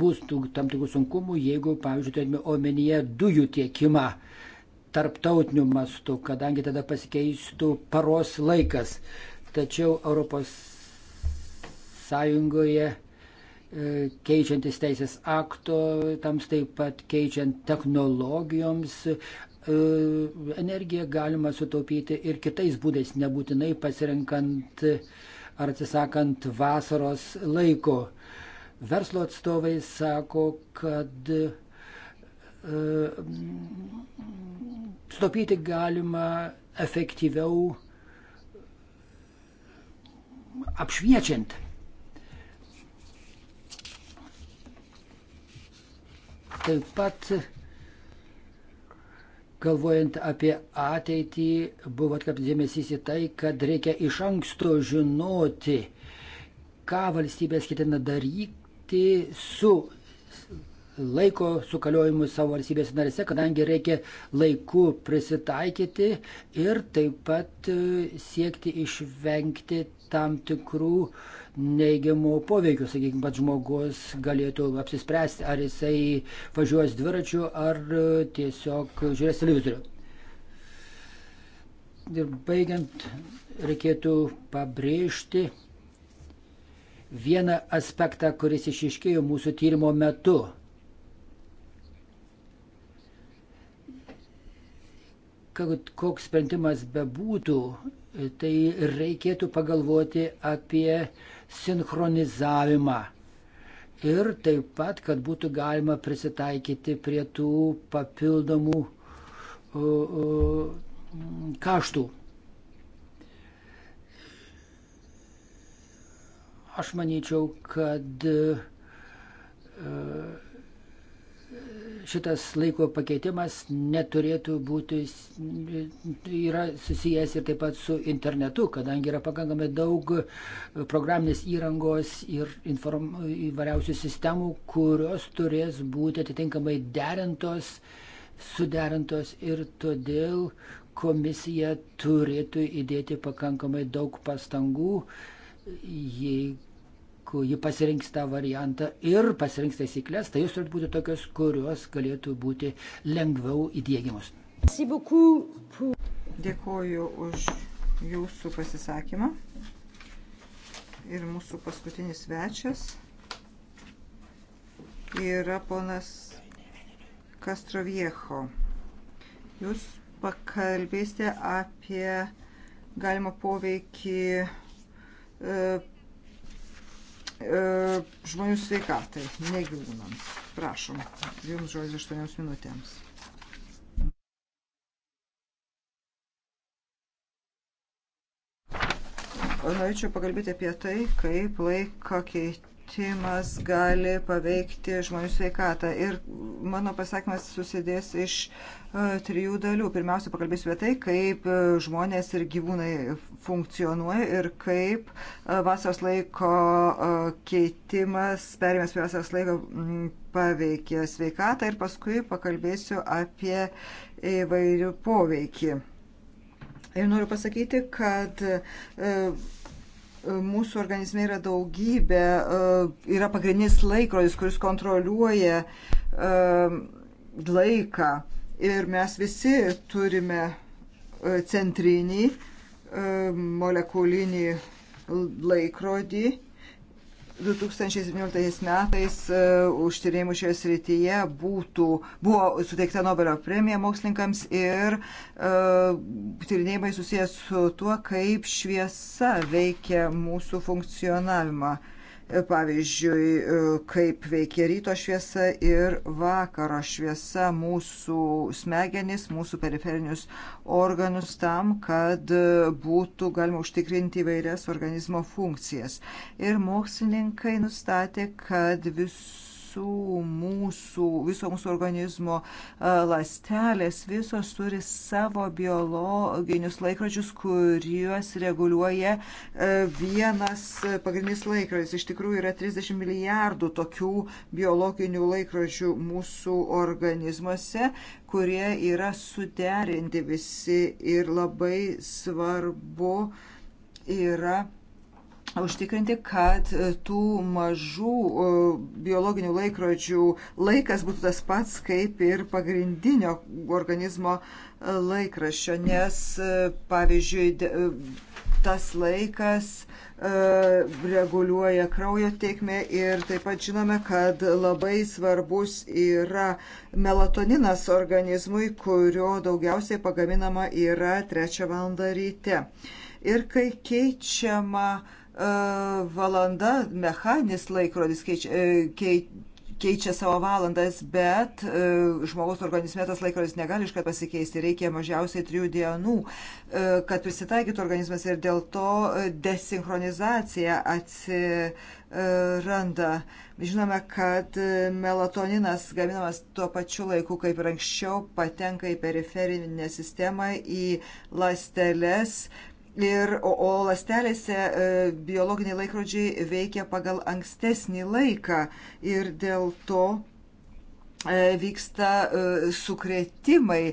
bus tam tikrų sunkumų, jeigu, pavyzdžiui, turime omenyje dujų tiekimą tarptautiniu mastu, kadangi tada pasikeistų paros laikas. Tačiau Europos Sąjungoje e, keičiantis teisės akto, tams taip pat keičiant technologijoms, e, energiją galima sutaupyti ir kitais būdais, nebūtinai pasirinkant ar atsisakant vasaros laiko. Verslo atstovai sako, kad E, sutaupyti galima efektyviau apšviečiant. Taip pat, galvojant apie ateitį, buvo atkreiptas dėmesys į tai, kad reikia iš anksto žinoti, ką valstybės ketina daryti su laiko sukaliojimus savo valstybės narėse, kadangi reikia laiku prisitaikyti ir taip pat e, siekti išvengti tam tikrų neigiamų poveikių, sakykime, pats žmogus galėtų apsispręsti, ar jisai važiuos dviračiu, ar e, tiesiog žiūrės televizorių. Ir baigiant, reikėtų pabrėžti vieną aspektą, kuris išiškėjo mūsų tyrimo metu. kad koks sprendimas bebūtų, tai reikėtų pagalvoti apie sinchronizavimą. Ir taip pat, kad būtų galima prisitaikyti prie tų papildomų kaštų. Aš manyčiau, kad e, šitas laiko pakeitimas neturėtų būti, yra susijęs ir taip pat su internetu, kadangi yra pakankamai daug e, programinės įrangos ir inform, įvairiausių sistemų, kurios turės būti atitinkamai derintos, suderintos ir todėl komisija turėtų įdėti pakankamai daug pastangų, jeigu ji pasirinks tą variantą ir pasirinks taisyklės, tai jūs turite būti tokios, kurios galėtų būti lengviau įdėgiamos. Dėkuoju už jūsų pasisakymą. Ir mūsų paskutinis svečias yra ponas Kastroviecho. Jūs pakalbėsite apie galima poveikį e, E, žmonių sveikatai, ne gyvūnams. Prašom, jums žodis 8 minutėms. Norėčiau pakalbėti apie tai, kaip laiką keitė plitimas gali paveikti žmonių sveikatą. Ir mano pasakymas susidės iš e, trijų dalių. Pirmiausia, pakalbėsiu apie tai, kaip e, žmonės ir gyvūnai funkcionuoja ir kaip e, vasaros laiko keitimas, perėmės prie vasaros laiko paveikė sveikatą ir paskui pakalbėsiu apie įvairių poveikį. Ir noriu pasakyti, kad mūsų organizme yra daugybė, e, yra pagrindinis laikrodis, kuris kontroliuoja e, laiką. Ir mes visi turime e, centrinį molekulinį laikrodį 2017 metais e, už tyrimų šioje srityje būtų, buvo suteikta Nobelio premija mokslininkams ir uh, tyrinėjimai susijęs su tuo, kaip šviesa veikia mūsų funkcionavimą. Uh, pavyzdžiui, e, kaip veikia ryto šviesa ir vakaro šviesa mūsų smegenis, mūsų periferinius organus tam, kad e, būtų galima užtikrinti įvairias organizmo funkcijas. Ir mokslininkai nustatė, kad visų visų mūsų, viso mūsų organizmo e, lastelės, visos turi savo biologinius laikrodžius, kuriuos reguliuoja e, vienas pagrindinis laikrodis. Iš tikrųjų yra 30 milijardų tokių biologinių laikrodžių mūsų organizmuose, kurie yra suderinti visi ir labai svarbu yra užtikrinti, kad e, tų mažų e, biologinių laikrodžių laikas būtų tas pats kaip ir pagrindinio organizmo e, laikraščio, nes, pavyzdžiui, tas laikas reguliuoja kraujo tėkmę ir taip pat žinome, kad labai svarbus yra melatoninas organizmui, kurio daugiausiai pagaminama yra 3 val. ryte. Ir kai keičiama uh, E, valanda, mechaninis laikrodis keičia, e, kei, keičia savo valandas, bet e, žmogaus organizme tas laikrodis negali iškart pasikeisti, reikia mažiausiai trijų dienų, kad prisitaikytų organizmas ir dėl to desinchronizacija atsiranda. Žinome, kad melatoninas gaminamas tuo pačiu laiku kaip ir anksčiau patenka į periferinę sistemą, į lasteles Ir, o, o lastelėse e, biologiniai laikrodžiai veikia pagal ankstesnį laiką ir dėl to e, vyksta e, sukretimai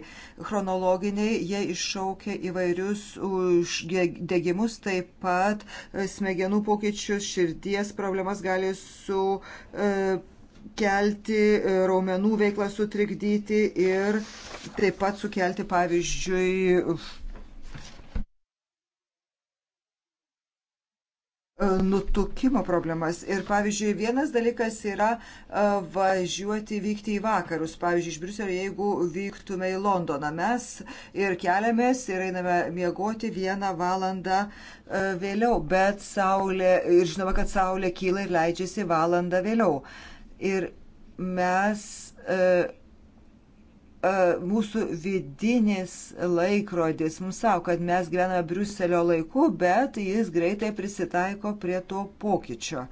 chronologiniai, jie iššaukia įvairius uždegimus, taip pat e, smegenų pokyčius, širdies problemas gali su. E, kelti e, raumenų veiklą sutrikdyti ir taip pat sukelti, pavyzdžiui, E, nutukimo problemas. Ir pavyzdžiui, vienas dalykas yra e, važiuoti, vykti į vakarus. Pavyzdžiui, iš Briuselio, jeigu vyktume į Londoną, mes ir keliamės ir einame miegoti vieną valandą e, vėliau, bet saulė, ir žinoma, kad saulė kyla ir leidžiasi valandą vėliau. Ir mes. E, mūsų vidinis laikrodis mums savo, kad mes gyvename Briuselio laiku, bet jis greitai prisitaiko prie to pokyčio.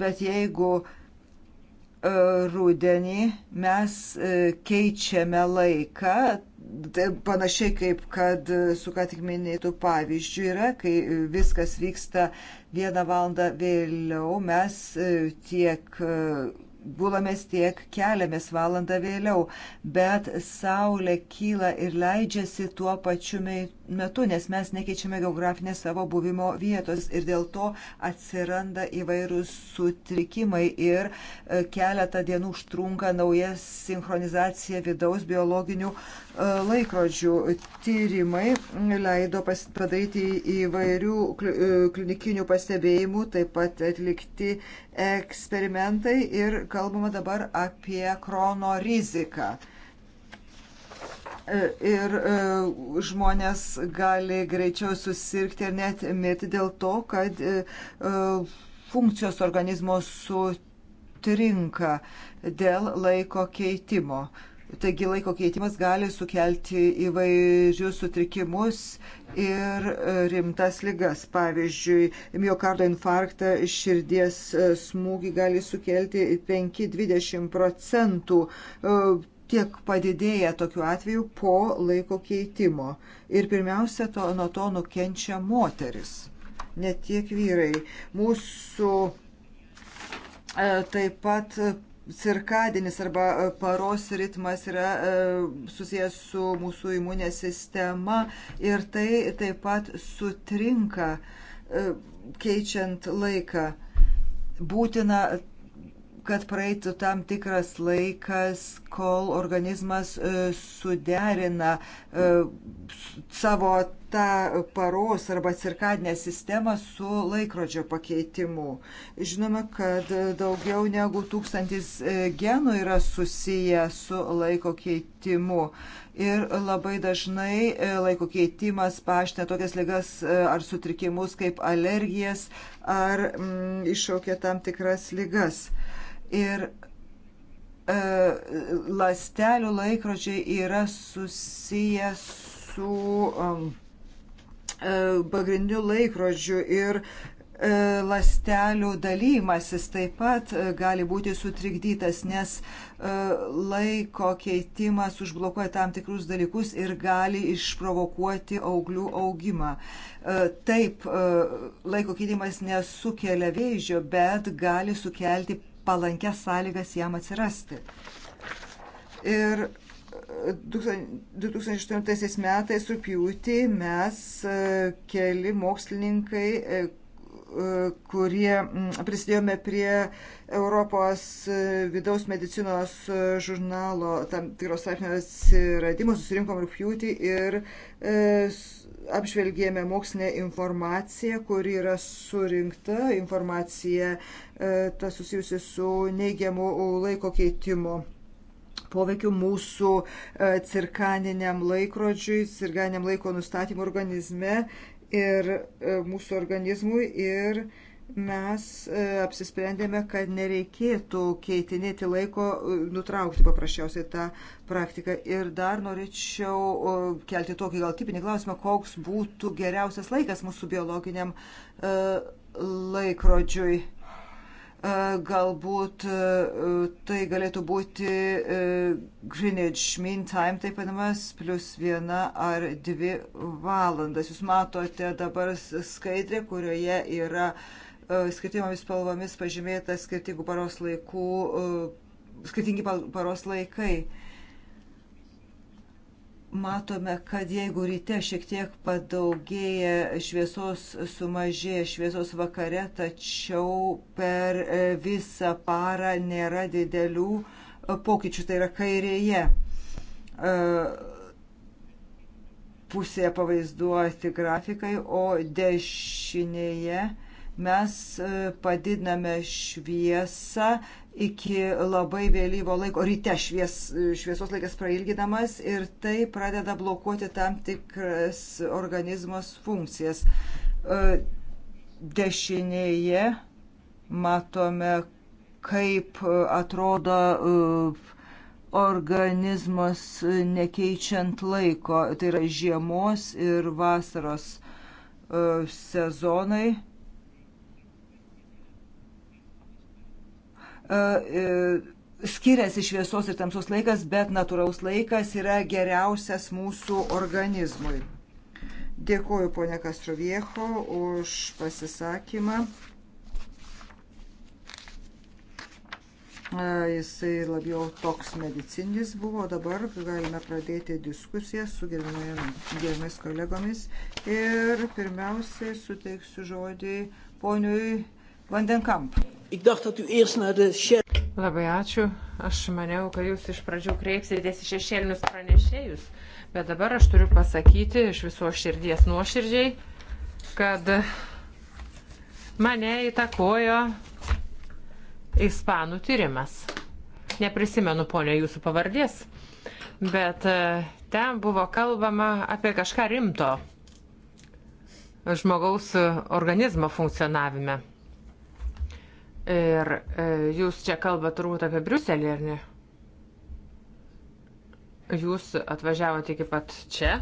Bet jeigu rūdienį mes keičiame laiką, tai panašiai kaip kad su ką tik minėtų pavyzdžių yra, kai viskas vyksta vieną valandą vėliau, mes tiek bulamės, tiek keliamės valandą vėliau, bet saulė kyla ir leidžiasi tuo pačiu metu metu, nes mes nekeičiame geografinės savo buvimo vietos ir dėl to atsiranda įvairūs sutrikimai ir e, keletą dienų užtrunka nauja sinchronizacija vidaus biologinių e, laikrodžių. Tyrimai leido padaryti įvairių e, klinikinių pastebėjimų, taip pat atlikti eksperimentai ir kalbama dabar apie krono riziką. E, ir e, žmonės gali greičiau susirgti ir net mirti dėl to, kad e, funkcijos organizmo sutrinka dėl laiko keitimo. Taigi laiko keitimas gali sukelti įvairius sutrikimus ir rimtas lygas. Pavyzdžiui, miocardo infarktą širdies smūgį gali sukelti 5-20 procentų tiek padidėja tokių atvejų po laiko keitimo. Ir pirmiausia, to, nuo to nukenčia moteris, ne tiek vyrai. Mūsų e, taip pat cirkadinis arba e, paros ritmas yra e, susijęs su mūsų imunė sistema ir tai taip pat sutrinka e, keičiant laiką būtina kad praeitų tam tikras laikas, kol organizmas e, suderina e, savo tą paros arba cirkadinę sistemą su laikrodžio pakeitimu. Žinoma, kad daugiau negu tūkstantis e, genų yra susiję su laiko keitimu. Ir labai dažnai laiko keitimas paaiškina tokias ligas ar sutrikimus kaip alergijas ar mm, iššaukia tam tikras ligas. Uh, Ir e, lastelių laikrodžiai yra susiję su um, e, pagrindiniu laikrodžiu ir e, lastelių dalymasis taip pat e, gali būti sutrikdytas, nes e, laiko keitimas užblokuoja tam tikrus dalykus ir gali išprovokuoti auglių augimą. Taip, laiko keitimas nesukelia vėžio, bet gali sukelti palankės sąlygas jam atsirasti. Ir 2008 e, metais rūpjūtį mes e, keli mokslininkai, e, kurie prisidėjome prie Europos vidaus medicinos žurnalo tam tikros straipsnio atsiradimo, susirinkom rūpjūtį ir apžvelgėme mokslinę informaciją, kuri yra surinkta, informacija e, ta susijusi su neigiamu laiko keitimu poveikiu mūsų e, cirkaniniam laikrodžiui, cirkaniniam laiko nustatymui organizme ir e, mūsų organizmui ir uh, mes e, apsisprendėme, kad nereikėtų keitinėti laiko, e, nutraukti paprasčiausiai tą praktiką. Ir dar norėčiau kelti tokį gal tipinį klausimą, koks būtų geriausias laikas mūsų biologiniam e, laikrodžiui. Galbūt tai galėtų būti Greenwich Mean Time, taip vadinamas, plus viena ar dvi valandas. Jūs matote dabar skaidrę, kurioje yra uh, E, skirtingomis spalvomis pažymėta skirtingų paros laikų, e, skirtingi paros laikai. Matome, kad jeigu ryte šiek tiek padaugėja šviesos, sumažėja šviesos vakare, tačiau per e, visą parą nėra didelių pokyčių, tai yra kairėje pusėje pavaizduoti grafikai, o dešinėje Mes e, padidiname šviesą iki labai vėlyvo laiko, ryte švies, e, šviesos laikas prailginamas ir tai pradeda blokuoti tam tikras organizmos funkcijas. E, dešinėje matome, kaip atrodo organizmas nekeičiant laiko, tai yra žiemos ir vasaros sezonai E, e, skiriasi šviesos ir tamsos laikas, bet natūraus laikas yra geriausias mūsų organizmui. Dėkuoju ponia Kastroviecho už pasisakymą. E, jisai labiau toks medicinis buvo, dabar galime pradėti diskusiją su gerbiamais kolegomis. Ir pirmiausiai suteiksiu žodį poniui Vandenkamp. Ik dacht dat u eerst naar de share. Labai ačiū. Aš maniau, kad jūs iš pradžių kreipsitės į šešėlinius pranešėjus, bet dabar aš turiu pasakyti iš viso širdies nuoširdžiai, kad mane įtakojo ispanų tyrimas. Neprisimenu, ponia, jūsų pavardės, bet e, ten buvo kalbama apie kažką rimto žmogaus organizmo funkcionavime. Ir e, jūs čia kalbate turbūt apie Briuselį, ar ne? Jūs atvažiavote iki pat čia,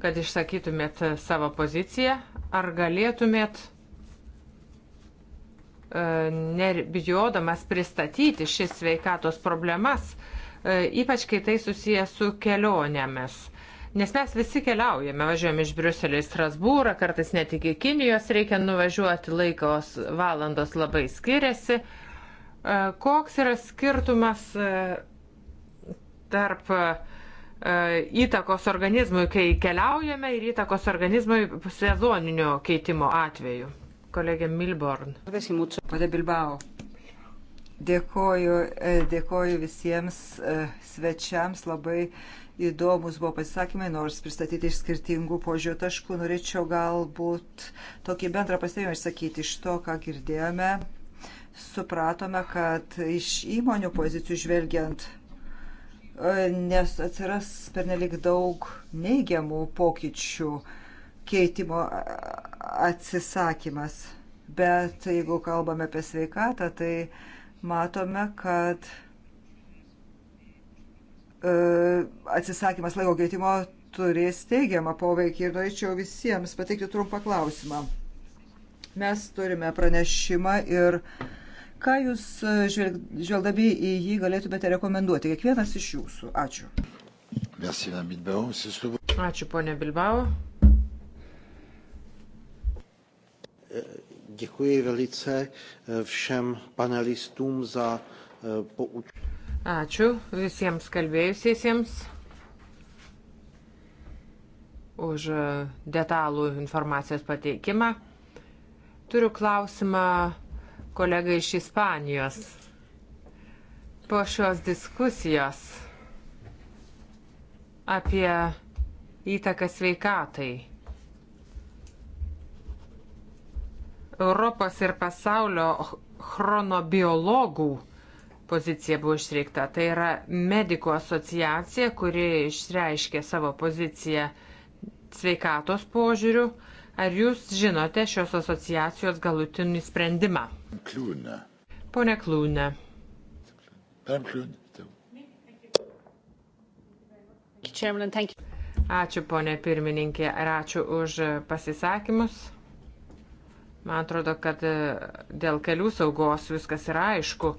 kad išsakytumėt savo poziciją. Ar galėtumėt, e, nebijodamas, pristatyti šis sveikatos problemas, e, ypač kai tai susijęs su kelionėmis? Nes mes visi keliaujame, važiuojame iš Briuselio į Strasbūrą, kartais net iki Kinijos reikia nuvažiuoti, laikos valandos labai skiriasi. E, koks yra skirtumas e, tarp e, įtakos organizmui, kai keliaujame ir įtakos organizmui sezoninio keitimo atveju? Kolegė Milborn. Pade Bilbao. Dėkoju, dėkoju visiems svečiams labai Įdomus buvo pasisakymai, nors pristatyti iš skirtingų požiūrio taškų. Norėčiau galbūt tokį bendrą pastebėjimą išsakyti iš to, ką girdėjome. Supratome, kad iš įmonių pozicijų žvelgiant, e, nes atsiras pernelik daug neigiamų pokyčių keitimo atsisakymas. Bet jeigu kalbame apie sveikatą, tai matome, kad E, atsisakymas laiko keitimo turės teigiamą poveikį ir norėčiau visiems pateikti trumpą klausimą. Mes turime pranešimą ir ką jūs e, žvelgdami į jį galėtumėte rekomenduoti, kiekvienas iš jūsų. Ačiū. Ačiū, ponė Bilbao. E, děkuji velice všem panelistům za poučení. Ačiū visiems kalbėjusiesiems už detalų informacijos pateikimą. Turiu klausimą kolegai iš Ispanijos. Po šios diskusijos apie įtaką sveikatai. Europos ir pasaulio chronobiologų pozicija buvo išreikta. Tai yra medikų asociacija, kuri išreiškė savo poziciją sveikatos požiūrių. Ar jūs žinote šios asociacijos galutinį sprendimą? Kliūne. Pone Kliūne. Ačiū, ponė pirmininkė, ir ačiū už pasisakymus. Man atrodo, kad e, dėl kelių saugos viskas yra aišku.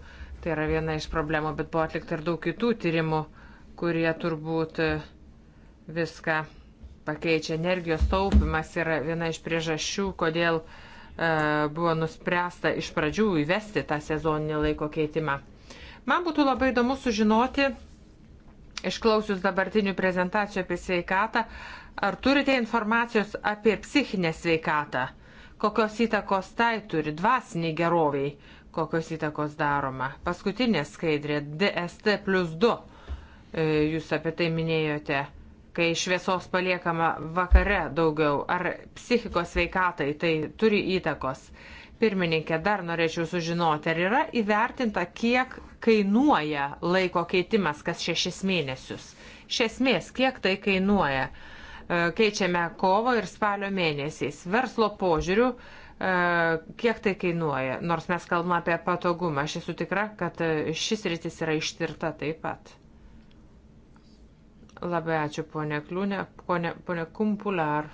Tai yra viena iš problemų, bet buvo atlikta ir daug kitų tyrimų, kurie turbūt viską pakeičia. Energijos taupimas yra viena iš priežasčių, kodėl e, buvo nuspręsta iš pradžių įvesti tą sezoninį laiko keitimą. Man būtų labai įdomu sužinoti, išklausius dabartinių prezentacijų apie sveikatą, ar turite informacijos apie psichinę sveikatą, kokios įtakos tai turi dvasiniai geroviai kokios įtakos daroma. Paskutinė skaidrė DST plus 2, e, jūs apie tai minėjote, kai šviesos paliekama vakare daugiau, ar psichikos veikatai tai turi įtakos. Pirmininkė, dar norėčiau sužinoti, ar yra įvertinta, kiek kainuoja laiko keitimas kas šešis mėnesius. Iš esmės, kiek tai kainuoja. E, keičiame kovo ir spalio mėnesiais. Verslo požiūrių E, kiek tai kainuoja, nors mes kalbame apie patogumą. Aš esu tikra, kad šis rytis yra ištirta taip pat. Labai ačiū, ponė Kliūnė, ponė, ponė Kumpular.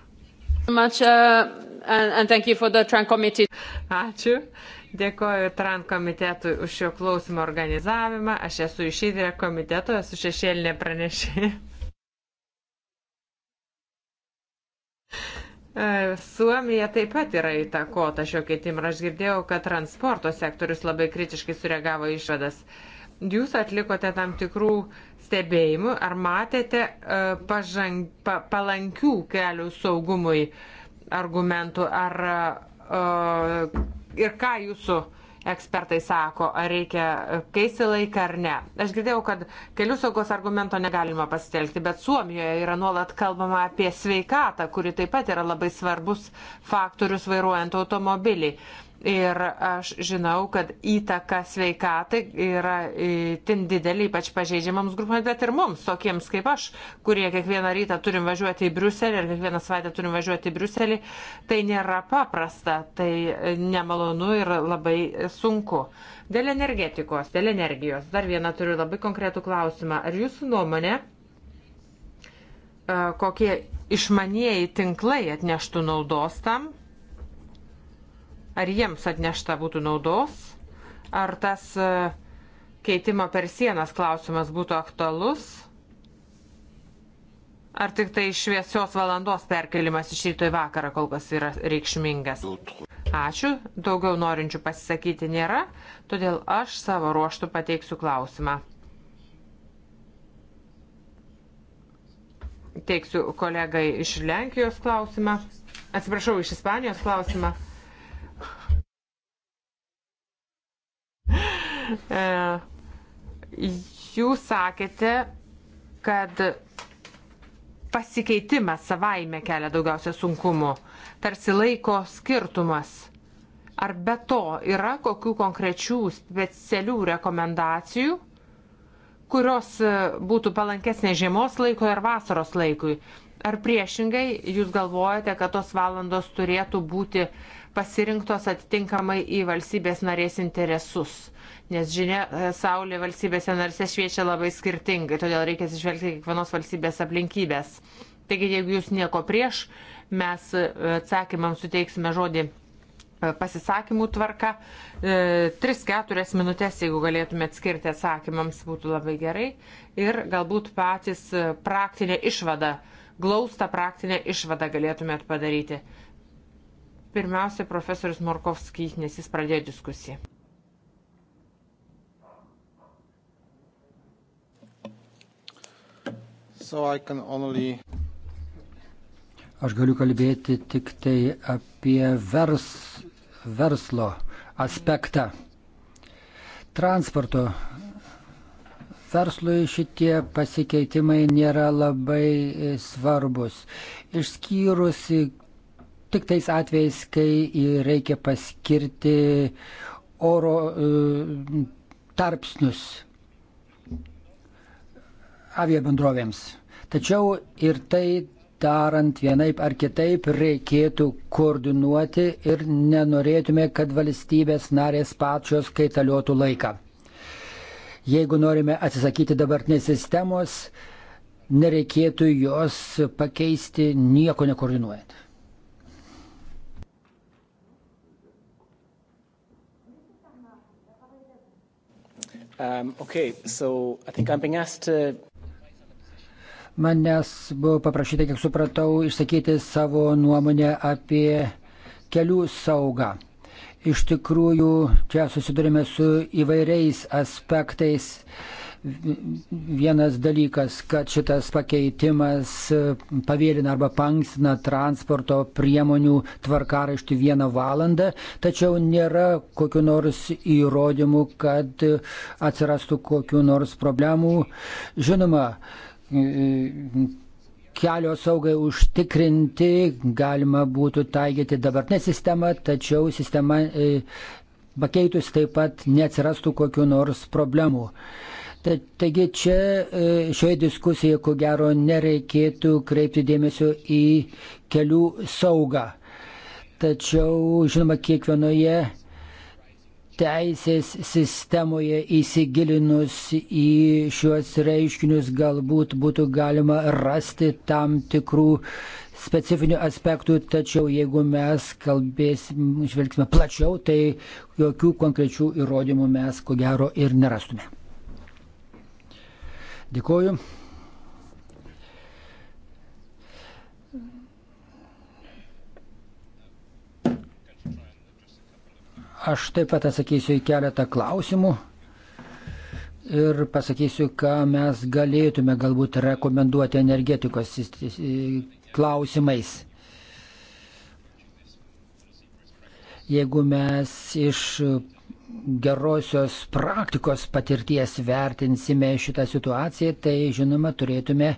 Uh, ačiū. Dėkoju TRAN komitetui už šio klausimo organizavimą. Aš esu iš įdrė komiteto, esu šešėlinė pranešėja. E, Suomija taip pat yra įtakota šio keitimo. Aš girdėjau, kad transporto sektorius labai kritiškai sureagavo išvadas. Jūs atlikote tam tikrų stebėjimų, ar matėte e, pažang, pa, palankių kelių saugumui argumentų, ar, e, ir ką jūsų uh, ekspertai sako, ar reikia keisti laiką ar ne. Aš girdėjau, kad kelių saugos argumento negalima pasitelkti, bet Suomijoje yra nuolat kalbama apie sveikatą, kuri taip pat yra labai svarbus faktorius vairuojant automobilį. Ir aš žinau, kad įtaka sveikatai yra tin didelį, ypač pažeidžiamams grupams, bet ir mums, tokiems kaip aš, kurie kiekvieną rytą turim važiuoti į Briuselį ir kiekvieną savaitę turim važiuoti į Briuselį, tai nėra paprasta, tai nemalonu ir labai sunku. Dėl energetikos, dėl energijos, dar vieną turiu labai konkretų klausimą. Ar jūsų nuomonė, e, kokie išmanieji tinklai atneštų naudos tam? Ar jiems atnešta būtų naudos, ar tas e, keitimo per sienas klausimas būtų aktualus, ar tik tai šviesios valandos perkelimas iš ryto į vakarą kol kas yra reikšmingas. Ačiū, daugiau norinčių pasisakyti nėra, todėl aš savo ruoštų pateiksiu klausimą. Teiksiu kolegai iš Lenkijos klausimą, atsiprašau, iš Ispanijos klausimą. E, jūs sakėte, kad pasikeitimas savaime kelia daugiausia sunkumų, tarsi laiko skirtumas. Ar be to yra kokių konkrečių specialių rekomendacijų, kurios būtų palankesnės žiemos laikui ar vasaros laikui? Ar priešingai jūs galvojate, kad tos valandos turėtų būti pasirinktos atitinkamai į valstybės narės interesus? nes žinia, e, Saulė valstybėse narse šviečia labai skirtingai, todėl reikia atsižvelgti kiekvienos valstybės aplinkybės. Taigi, jeigu jūs nieko prieš, mes e, atsakymams suteiksime žodį e, pasisakymų tvarka. 3-4 minutės, jeigu galėtume atskirti atsakymams, būtų labai gerai. Ir galbūt patys praktinę išvadą, glaustą praktinę išvadą galėtumėt padaryti. Pirmiausia, profesorius Morkovskis, nes jis pradėjo diskusiją. So only... Aš galiu kalbėti tik tai apie vers, verslo aspektą. Transporto verslui šitie pasikeitimai nėra labai e, svarbus. Išskyrus tik tais atvejais, kai reikia paskirti oro e, tarpsnius aviabendrovėms. Tačiau ir tai darant vienaip ar kitaip reikėtų koordinuoti ir nenorėtume, kad valstybės narės pačios kaitaliotų laiką. Jeigu norime atsisakyti dabartinės sistemos, nereikėtų jos pakeisti nieko nekoordinuojant. Um, okay, so I think I'm being asked to Manęs buvo paprašyta, kiek supratau, išsakyti savo nuomonę apie kelių saugą. Iš tikrųjų, čia susidurime su įvairiais aspektais. Vienas dalykas, kad šitas pakeitimas pavėlina arba panksina transporto priemonių tvarkaraštį vieną valandą, tačiau nėra kokiu nors įrodymu, kad atsirastų kokiu nors problemų. Žinoma, E, kelio saugai užtikrinti, galima būtų taikyti dabartinę sistemą, tačiau sistema e, pakeitus taip pat neatsirastų kokiu nors problemu. Taigi čia e, šioje diskusijoje, ko gero, nereikėtų kreipti dėmesio į kelių saugą. Tačiau, žinoma, kiekvienoje teisės sistemoje įsigilinus į šiuos reiškinius galbūt būtų galima rasti tam tikrų specifinių aspektų, tačiau jeigu mes kalbėsim, žvelgsime plačiau, tai jokių konkrečių įrodymų mes ko gero ir nerastume. Dėkuoju. Aš taip pat atsakysiu į keletą klausimų ir pasakysiu, ką mes galėtume galbūt rekomenduoti energetikos klausimais. Jeigu mes iš gerosios praktikos patirties vertinsime šitą situaciją, tai žinoma turėtume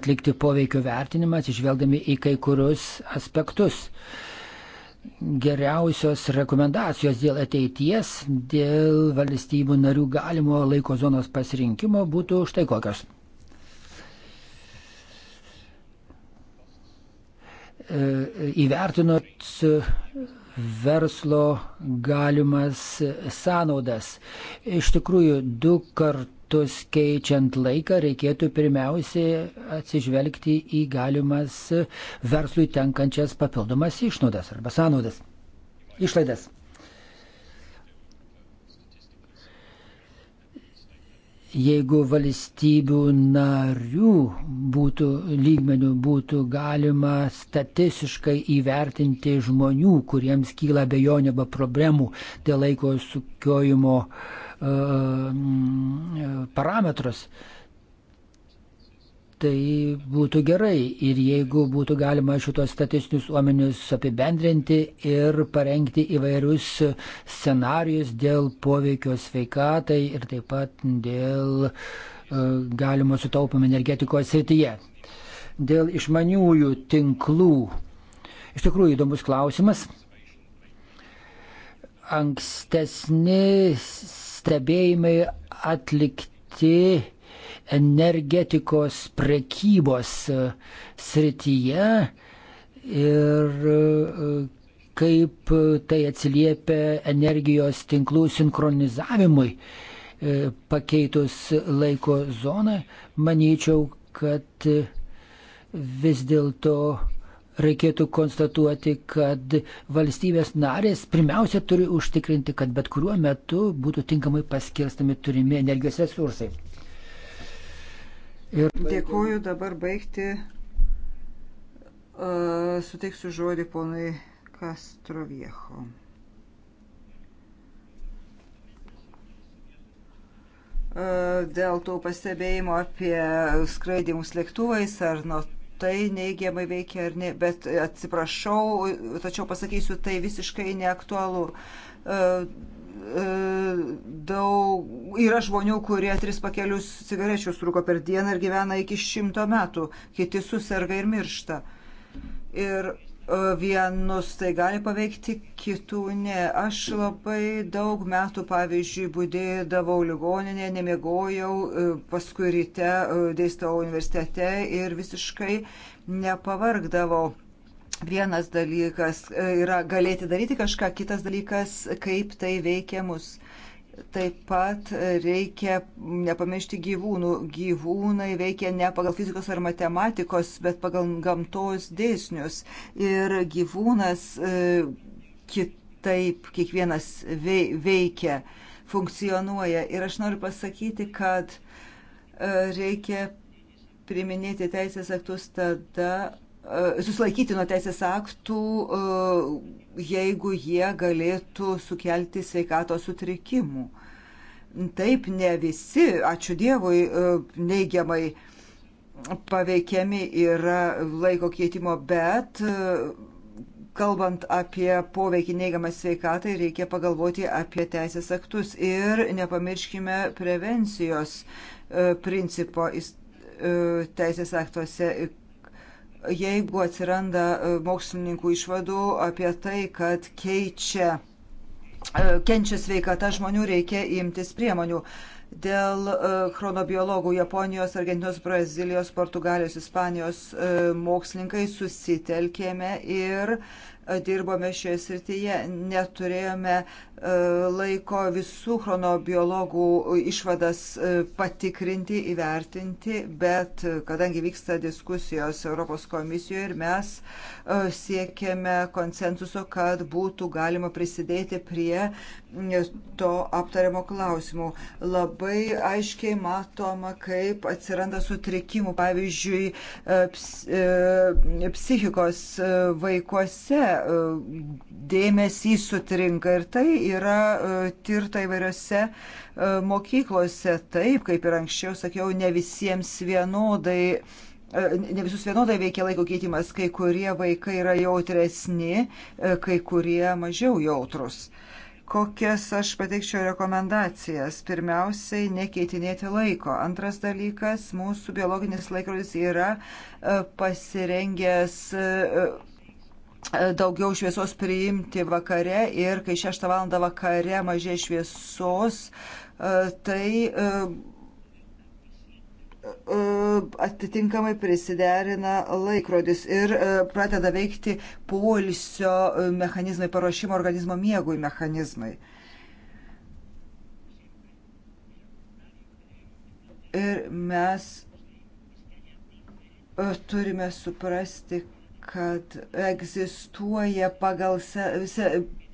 atlikti poveikio vertinimą atsižvelgdami į kai kurius aspektus. Uh, geriausios rekomendacijos dėl ateities, dėl valstybių narių galimo laiko zonos pasirinkimo būtų štai kokios. E, įvertinot verslo galimas sąnaudas. Iš tikrųjų, du kartus metus keičiant laiką reikėtų pirmiausiai atsižvelgti į galimas verslui tenkančias papildomas išnaudas arba sąnaudas, išlaidas. Jeigu valstybių narių būtų lygmenių būtų galima statistiškai įvertinti žmonių, kuriems kyla bejonių arba problemų dėl laiko sukiojimo uh, parametrus, tai būtų gerai ir jeigu būtų galima šitos statistinius duomenis apibendrinti ir parengti įvairius scenarius dėl poveikio sveikatai ir taip pat dėl galimo sutaupimo energetikos srityje. Dėl išmaniųjų tinklų. Iš tikrųjų įdomus klausimas. Ankstesnis stebėjimai atlikti energetikos prekybos e, srityje ir e, kaip tai atsiliepia energijos tinklų sinchronizavimui e, pakeitus laiko zoną, manyčiau, kad vis dėlto reikėtų konstatuoti, kad valstybės narės pirmiausia turi užtikrinti, kad bet kuriuo metu būtų tinkamai paskirstami turimi energijos resursai. Ir... Dėkuoju dabar baigti. Uh, suteiksiu žodį ponui Kastroviecho. dėl to pastebėjimo apie skraidimus lėktuvais ar nuo tai neigiamai veikia ar ne, bet atsiprašau, tačiau pasakysiu, tai visiškai neaktualu. E, e, daug, yra žmonių, kurie tris pakelius cigarečių surūko per dieną ir gyvena iki šimto metų, kiti susirga ir miršta. Ir vienus tai gali paveikti, kitų ne. Aš labai daug metų, pavyzdžiui, būdėdavau ligoninėje, nemiegojau, e, paskui ryte e, dėstau universitete ir visiškai nepavargdavau. Vienas dalykas e, yra galėti daryti kažką, kitas dalykas, kaip tai veikia mus. Taip pat reikia nepamiršti gyvūnų. Gyvūnai veikia ne pagal fizikos ar matematikos, bet pagal gamtos dėsnius. Ir gyvūnas e, kitaip kiekvienas veikia, funkcionuoja. Ir aš noriu pasakyti, kad e, reikia priminėti teisės aktus tada, e, susilaikyti nuo teisės aktų jeigu jie galėtų sukelti sveikatos sutrikimų. Taip ne visi, ačiū Dievui, e, neigiamai paveikiami yra laiko keitimo, bet e, kalbant apie poveikį neigiamą sveikatai, reikia pagalvoti apie teisės aktus ir nepamirškime prevencijos e, principo teisės aktuose jeigu atsiranda e, mokslininkų išvadų apie tai, kad keičia, e, kenčia sveikata žmonių, reikia imtis priemonių. Dėl e, chronobiologų Japonijos, Argentinos, Brazilijos, Portugalijos, Ispanijos mokslininkai susitelkėme ir dirbome šioje srityje. Neturėjome E, laiko visų chronobiologų išvadas e, patikrinti, įvertinti, bet e, kadangi vyksta diskusijos Europos komisijoje ir mes siekiame konsensuso, kad būtų galima prisidėti prie to aptariamo klausimų. Labai aiškiai matoma, kaip atsiranda sutrikimų, pavyzdžiui, psichikos vaikuose dėmesys sutrinka ir tai yra e, tirta įvairiose e, mokyklose. Taip, kaip ir anksčiau sakiau, ne visiems vienodai. E, ne visus vienodai veikia laiko keitimas, kai kurie vaikai yra jautresni, kai kurie mažiau jautrus. Kokias aš pateikčiau rekomendacijas? Pirmiausiai, nekeitinėti laiko. Antras dalykas, mūsų biologinis laikrodis yra pasirengęs daugiau šviesos priimti vakare ir kai 6 val. vakare mažė šviesos, e, tai e, e, atitinkamai prisiderina laikrodis ir pradeda veikti poilsio mechanizmai, paruošimo organizmo miegui mechanizmai. Ir mes turime suprasti, kad egzistuoja pagal,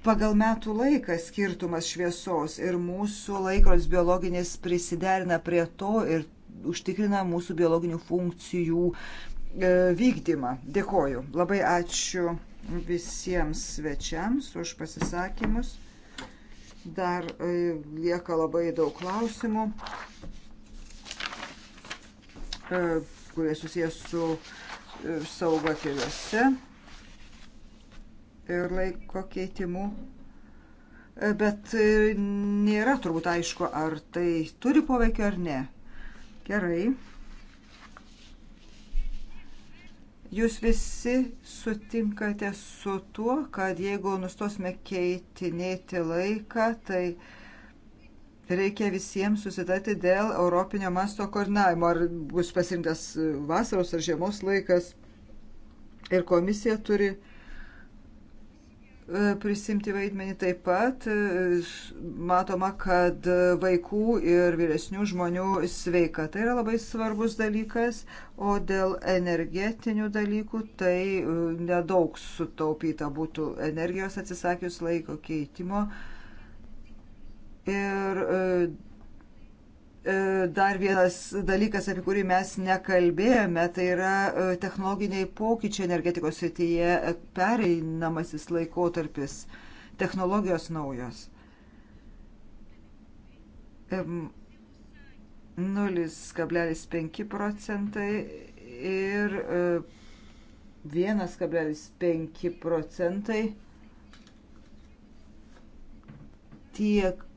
pagal metų laiką skirtumas šviesos ir mūsų laikrodis biologinis prisiderina prie to ir užtikrina mūsų biologinių funkcijų e, vykdymą. Dėkoju. Labai ačiū visiems svečiams už pasisakymus. Dar e, lieka labai daug klausimų, e, kurie susijęs su saugą keliuose ir laiko keitimu. E, bet e, nėra turbūt aišku, ar tai turi poveikio ar ne. Gerai. Jūs visi sutinkate su tuo, kad jeigu nustosime keitinėti laiką, tai uh, reikia visiems susitarti dėl Europinio masto koordinavimo, ar bus pasirinktas vasaros ar žiemos laikas. Ir komisija turi e, prisimti vaidmenį taip pat. E, matoma, kad vaikų ir vyresnių žmonių sveikata yra labai svarbus dalykas, o dėl energetinių dalykų tai e, nedaug sutaupyta būtų energijos atsisakius laiko keitimo. Uh, Ir e, e, dar vienas dalykas, apie kurį mes nekalbėjome, tai yra e, technologiniai pokyčiai energetikos srityje, pereinamasis laikotarpis, technologijos naujos. 0,5 procentai ir 1,5 procentai tiek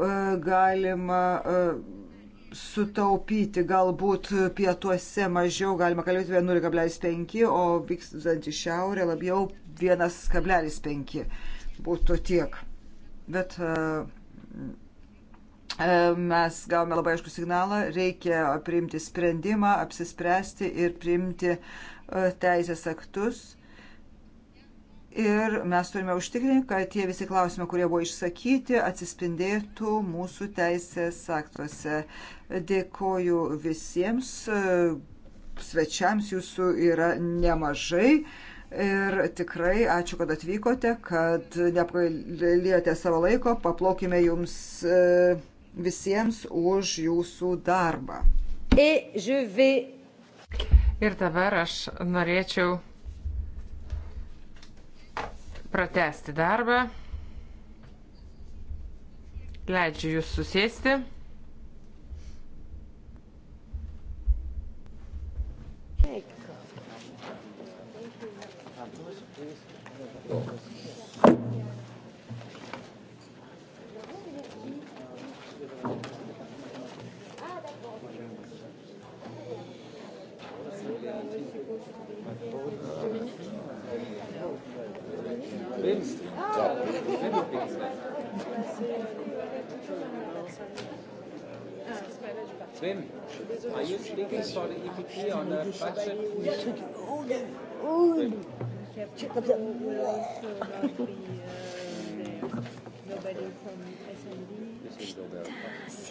E, galima e, sutaupyti galbūt pietuose mažiau, galima kalbėti 1,5, o vykstant į šiaurę labiau 1,5 būtų tiek. Bet e, mes gavome labai aišku signalą, reikia priimti sprendimą, apsispręsti ir priimti teisės aktus Ir mes turime užtikrinti, kad tie visi klausimai, kurie buvo išsakyti, atsispindėtų mūsų teisės aktuose. Dėkoju visiems svečiams, jūsų yra nemažai. Ir tikrai ačiū, kad atvykote, kad neapgailėjote savo laiko, paplokime jums e, visiems už jūsų darbą. Ir dabar aš norėčiau pratesti darbą. Leidžiu jūs susėsti. Thank you. Sven, are you speaking for the EPP on the budget? Sven. Check up that. Will also not be uh, there. Nobody from SND.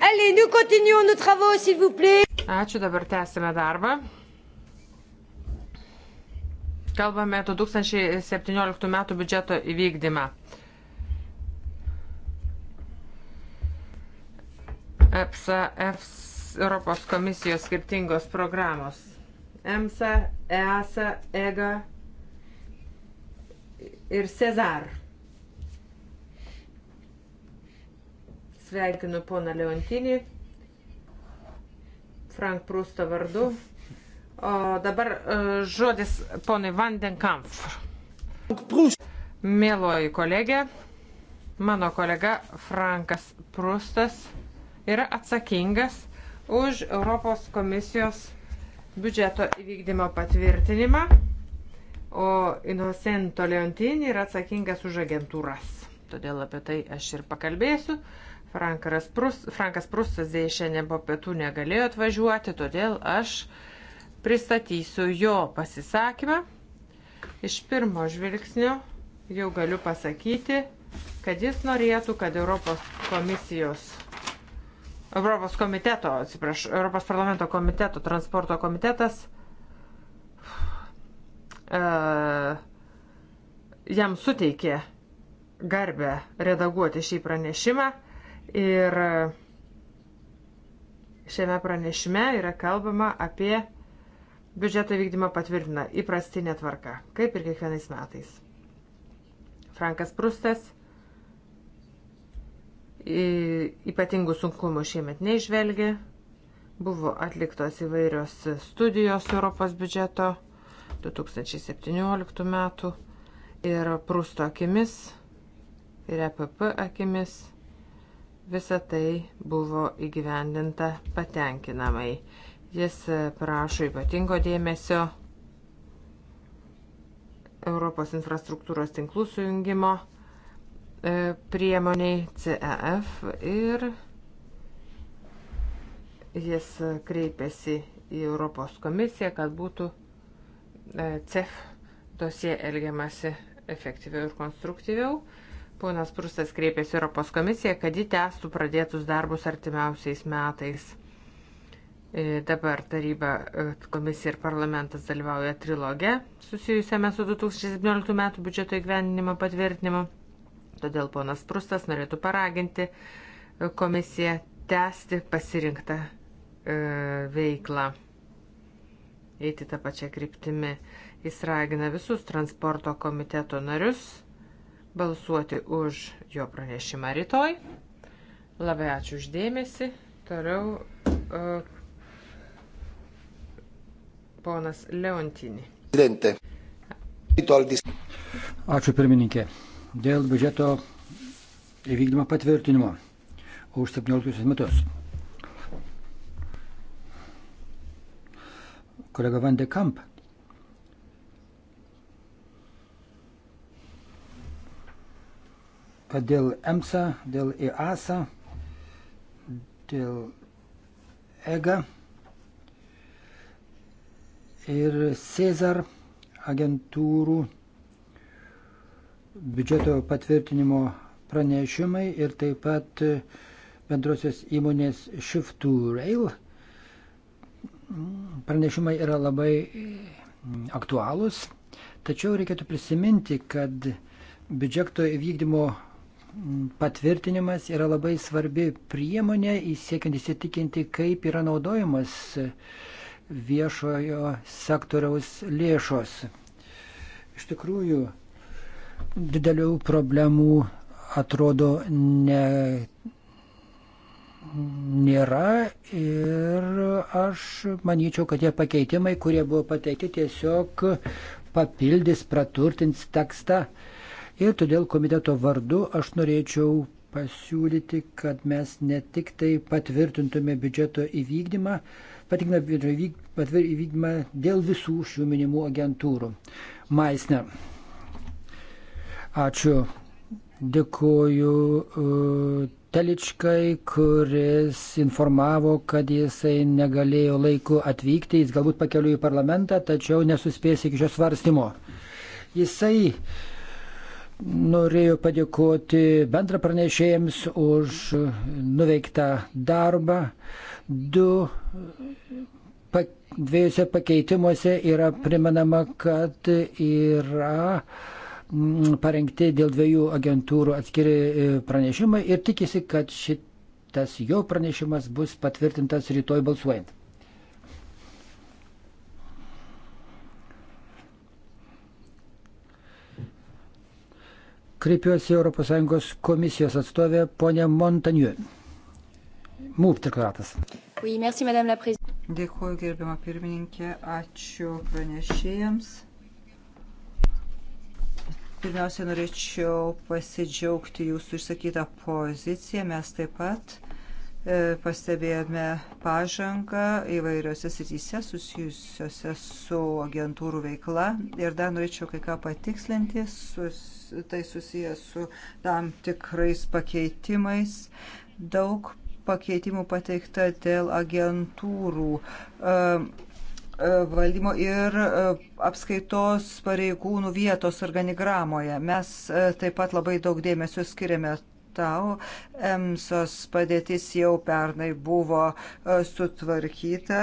Allez, nous continuons nos travaux, s'il vous plaît. Ačiū, dabar tęsime darbą. Kalbame 2017 m. biudžeto įvykdymą. EPSA, EFS, Europos komisijos skirtingos programos. EMSA, EASA, EGA ir Cezar. Sveikinu poną Leontinį, Frank Prusto vardu. O dabar e, žodis ponui Vandenkampf. Mėloji kolegė, mano kolega Frankas Prustas yra atsakingas už Europos komisijos biudžeto įvykdymo patvirtinimą, o Innocento Leontini yra atsakingas už agentūras. Todėl apie tai aš ir pakalbėsiu. Frankas, Prus, Frankas Prustas dėja šiandien po pietų negalėjo atvažiuoti, todėl aš pristatysiu jo pasisakymą. Iš pirmo žvilgsnio jau galiu pasakyti, kad jis norėtų, kad Europos komisijos Europos komiteto, atsiprašau, Europos parlamento komiteto, transporto komitetas. Uh, jam suteikė garbę redaguoti šį pranešimą ir šiame pranešime yra kalbama apie biudžeto vykdymą patvirtina įprastinė tvarka, kaip ir kiekvienais metais. Frankas Prustas ypatingų sunkumų šiemet neižvelgia. Buvo atliktos įvairios studijos Europos biudžeto 2017 metų ir Prusto akimis ir EPP akimis visa tai buvo įgyvendinta patenkinamai. Jis prašo ypatingo dėmesio Europos infrastruktūros tinklų sujungimo E, priemoniai CEF ir jis kreipėsi į Europos komisiją, kad būtų e, CEF dosie elgiamasi efektyviau ir konstruktyviau. Ponas Prustas kreipėsi Europos komisiją, kad ji tęstų pradėtus darbus artimiausiais metais. E, dabar taryba, komisija ir parlamentas dalyvauja triloge susijusiame su 2017 m. biudžeto įgyveninimo patvirtinimu. Todėl ponas Prustas norėtų paraginti komisiją tęsti pasirinktą e, veiklą, eiti tą pačią kryptimį. Jis ragina visus transporto komiteto narius balsuoti už jo pranešimą rytoj. Labai ačiū uždėmesi. Toliau e, ponas Leontinį. Ačiū pirmininkė dėl biudžeto įvykdymo patvirtinimo už 17 metus. Kolega Van de Kamp. kad dėl EMSA, dėl EASA, dėl EGA ir Cezar agentūrų biudžeto patvirtinimo pranešimai ir taip pat e, bendrosios įmonės Shift to Rail pranešimai yra labai e, aktualūs, tačiau reikėtų prisiminti, kad biudžeto įvykdymo patvirtinimas yra labai svarbi priemonė įsiekiant įsitikinti, kaip yra naudojamas e, viešojo sektoriaus lėšos. Iš tikrųjų, didelių problemų atrodo ne, nėra ir aš manyčiau, kad tie pakeitimai, kurie buvo pateikti, tiesiog papildys, praturtins tekstą. Ir todėl komiteto vardu aš norėčiau pasiūlyti, kad mes ne tik tai patvirtintume biudžeto įvykdymą, patikiname biudžeto įvykdymą dėl visų šių minimų agentūrų. Maisner. Ačiū. Dėkuoju e, Teličkai, kuris informavo, kad jisai negalėjo laiku atvykti, jis galbūt pakeliu į parlamentą, tačiau nesuspės iki šio svarstymo. Jisai norėjo padėkoti bendra pranešėjams už nuveiktą darbą. Du pak, dviejose pakeitimuose yra primenama, kad yra uh, Mm, parengti dėl dviejų agentūrų atskiri e, pranešimai ir tikisi, kad šitas jo pranešimas bus patvirtintas rytoj balsuojant. Kreipiuosi ES komisijos atstovė ponė Montaniu. MUF tikratas. Oui, merci, Dėkuoju gerbiamą pirmininkę, ačiū pranešėjams. Pirmiausia, norėčiau pasidžiaugti jūsų išsakytą poziciją. Mes taip pat e, pastebėjome pažangą įvairiose srityse susijusiose su agentūrų veikla. Ir dar norėčiau kai ką patikslinti, sus, tai susijęs su tam tikrais pakeitimais. Daug pakeitimų pateikta dėl agentūrų. E, E, valdymo ir e, apskaitos pareigūnų vietos organigramoje. Mes e, taip pat labai daug dėmesio skiriame tau. EMSOS padėtis jau pernai buvo sutvarkyta.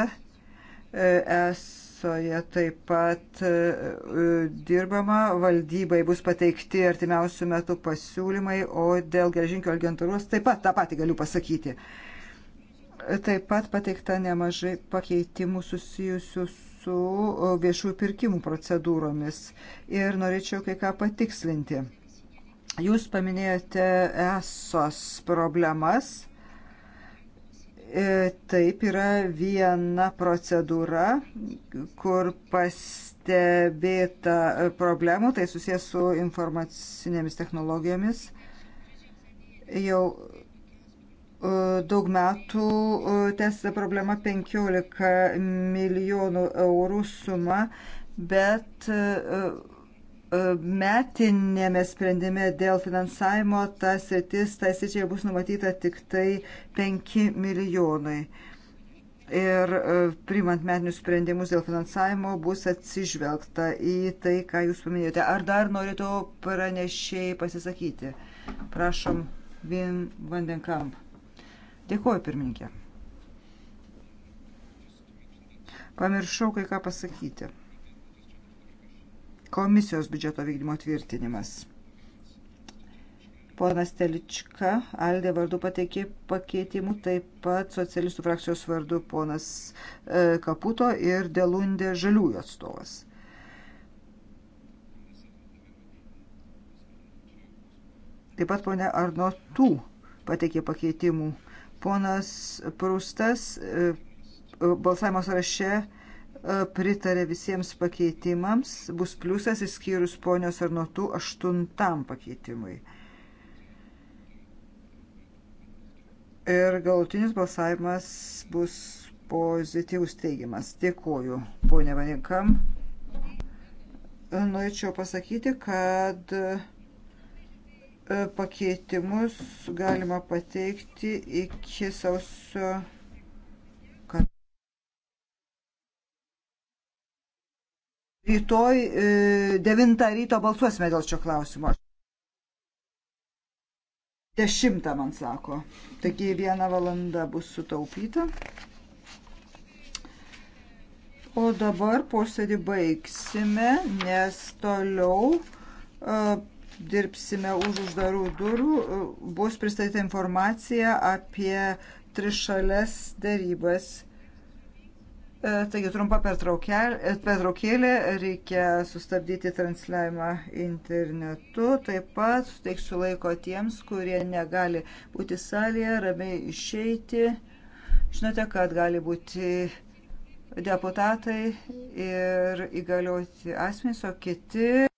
ESOje taip pat dirbama, valdybai bus pateikti artimiausių metų pasiūlymai, o dėl geržinkio agentūros taip pat tą patį galiu pasakyti. Uh, Taip pat pateikta nemažai pakeitimų susijusių su viešųjų pirkimų procedūromis ir norėčiau kai ką patikslinti. Jūs paminėjote esos problemas. E, taip yra viena procedūra, kur pastebėta problemų, tai susijęs su informacinėmis technologijomis. Jau E, daug metų e, tęsia problema 15 milijonų eurų suma, bet e, metinėme sprendime dėl finansavimo tas sritis, tas sričiai bus numatyta tik tai 5 milijonai. Ir primant metinius sprendimus dėl finansavimo bus atsižvelgta į tai, ką jūs paminėjote. Ar dar norėtų pranešėjai pasisakyti? Prašom, Vin Vandenkamp. Dėkuoju, pirmininkė. Pamiršau kai ką pasakyti. Komisijos biudžeto vykdymo tvirtinimas. Ponas Telička, Aldė vardu pateikė pakeitimų, taip pat socialistų frakcijos vardu ponas e, Kaputo ir Delundė žaliųjų atstovas. Taip pat ponė Arnotų pateikė pakeitimų Ponas Prūstas e, balsavimo sąraše e, pritarė visiems pakeitimams, bus pliusas išskyrus ponios ar nuotų aštuntam pakeitimui. Ir galutinis balsavimas bus pozityvus teigiamas. Dėkuoju, ponė Vaninkam. Norėčiau pasakyti, kad E, pakeitimus galima pateikti iki sausio Rytoj 9 e, ryto balsuosime dėl šio klausimo. Dešimtą man sako. Taigi viena valanda bus sutaupyta. O dabar posėdį baigsime, nes toliau uh, dirbsime už uždarų durų, bus pristatyta informacija apie trišalės dėrybas. E, taigi trumpa e, pertraukėlė, reikia sustabdyti transliavimą internetu, taip pat suteiksiu laiko tiems, kurie negali būti salėje, ramiai išeiti. Žinote, kad gali būti deputatai ir įgalioti asmenys, o kiti.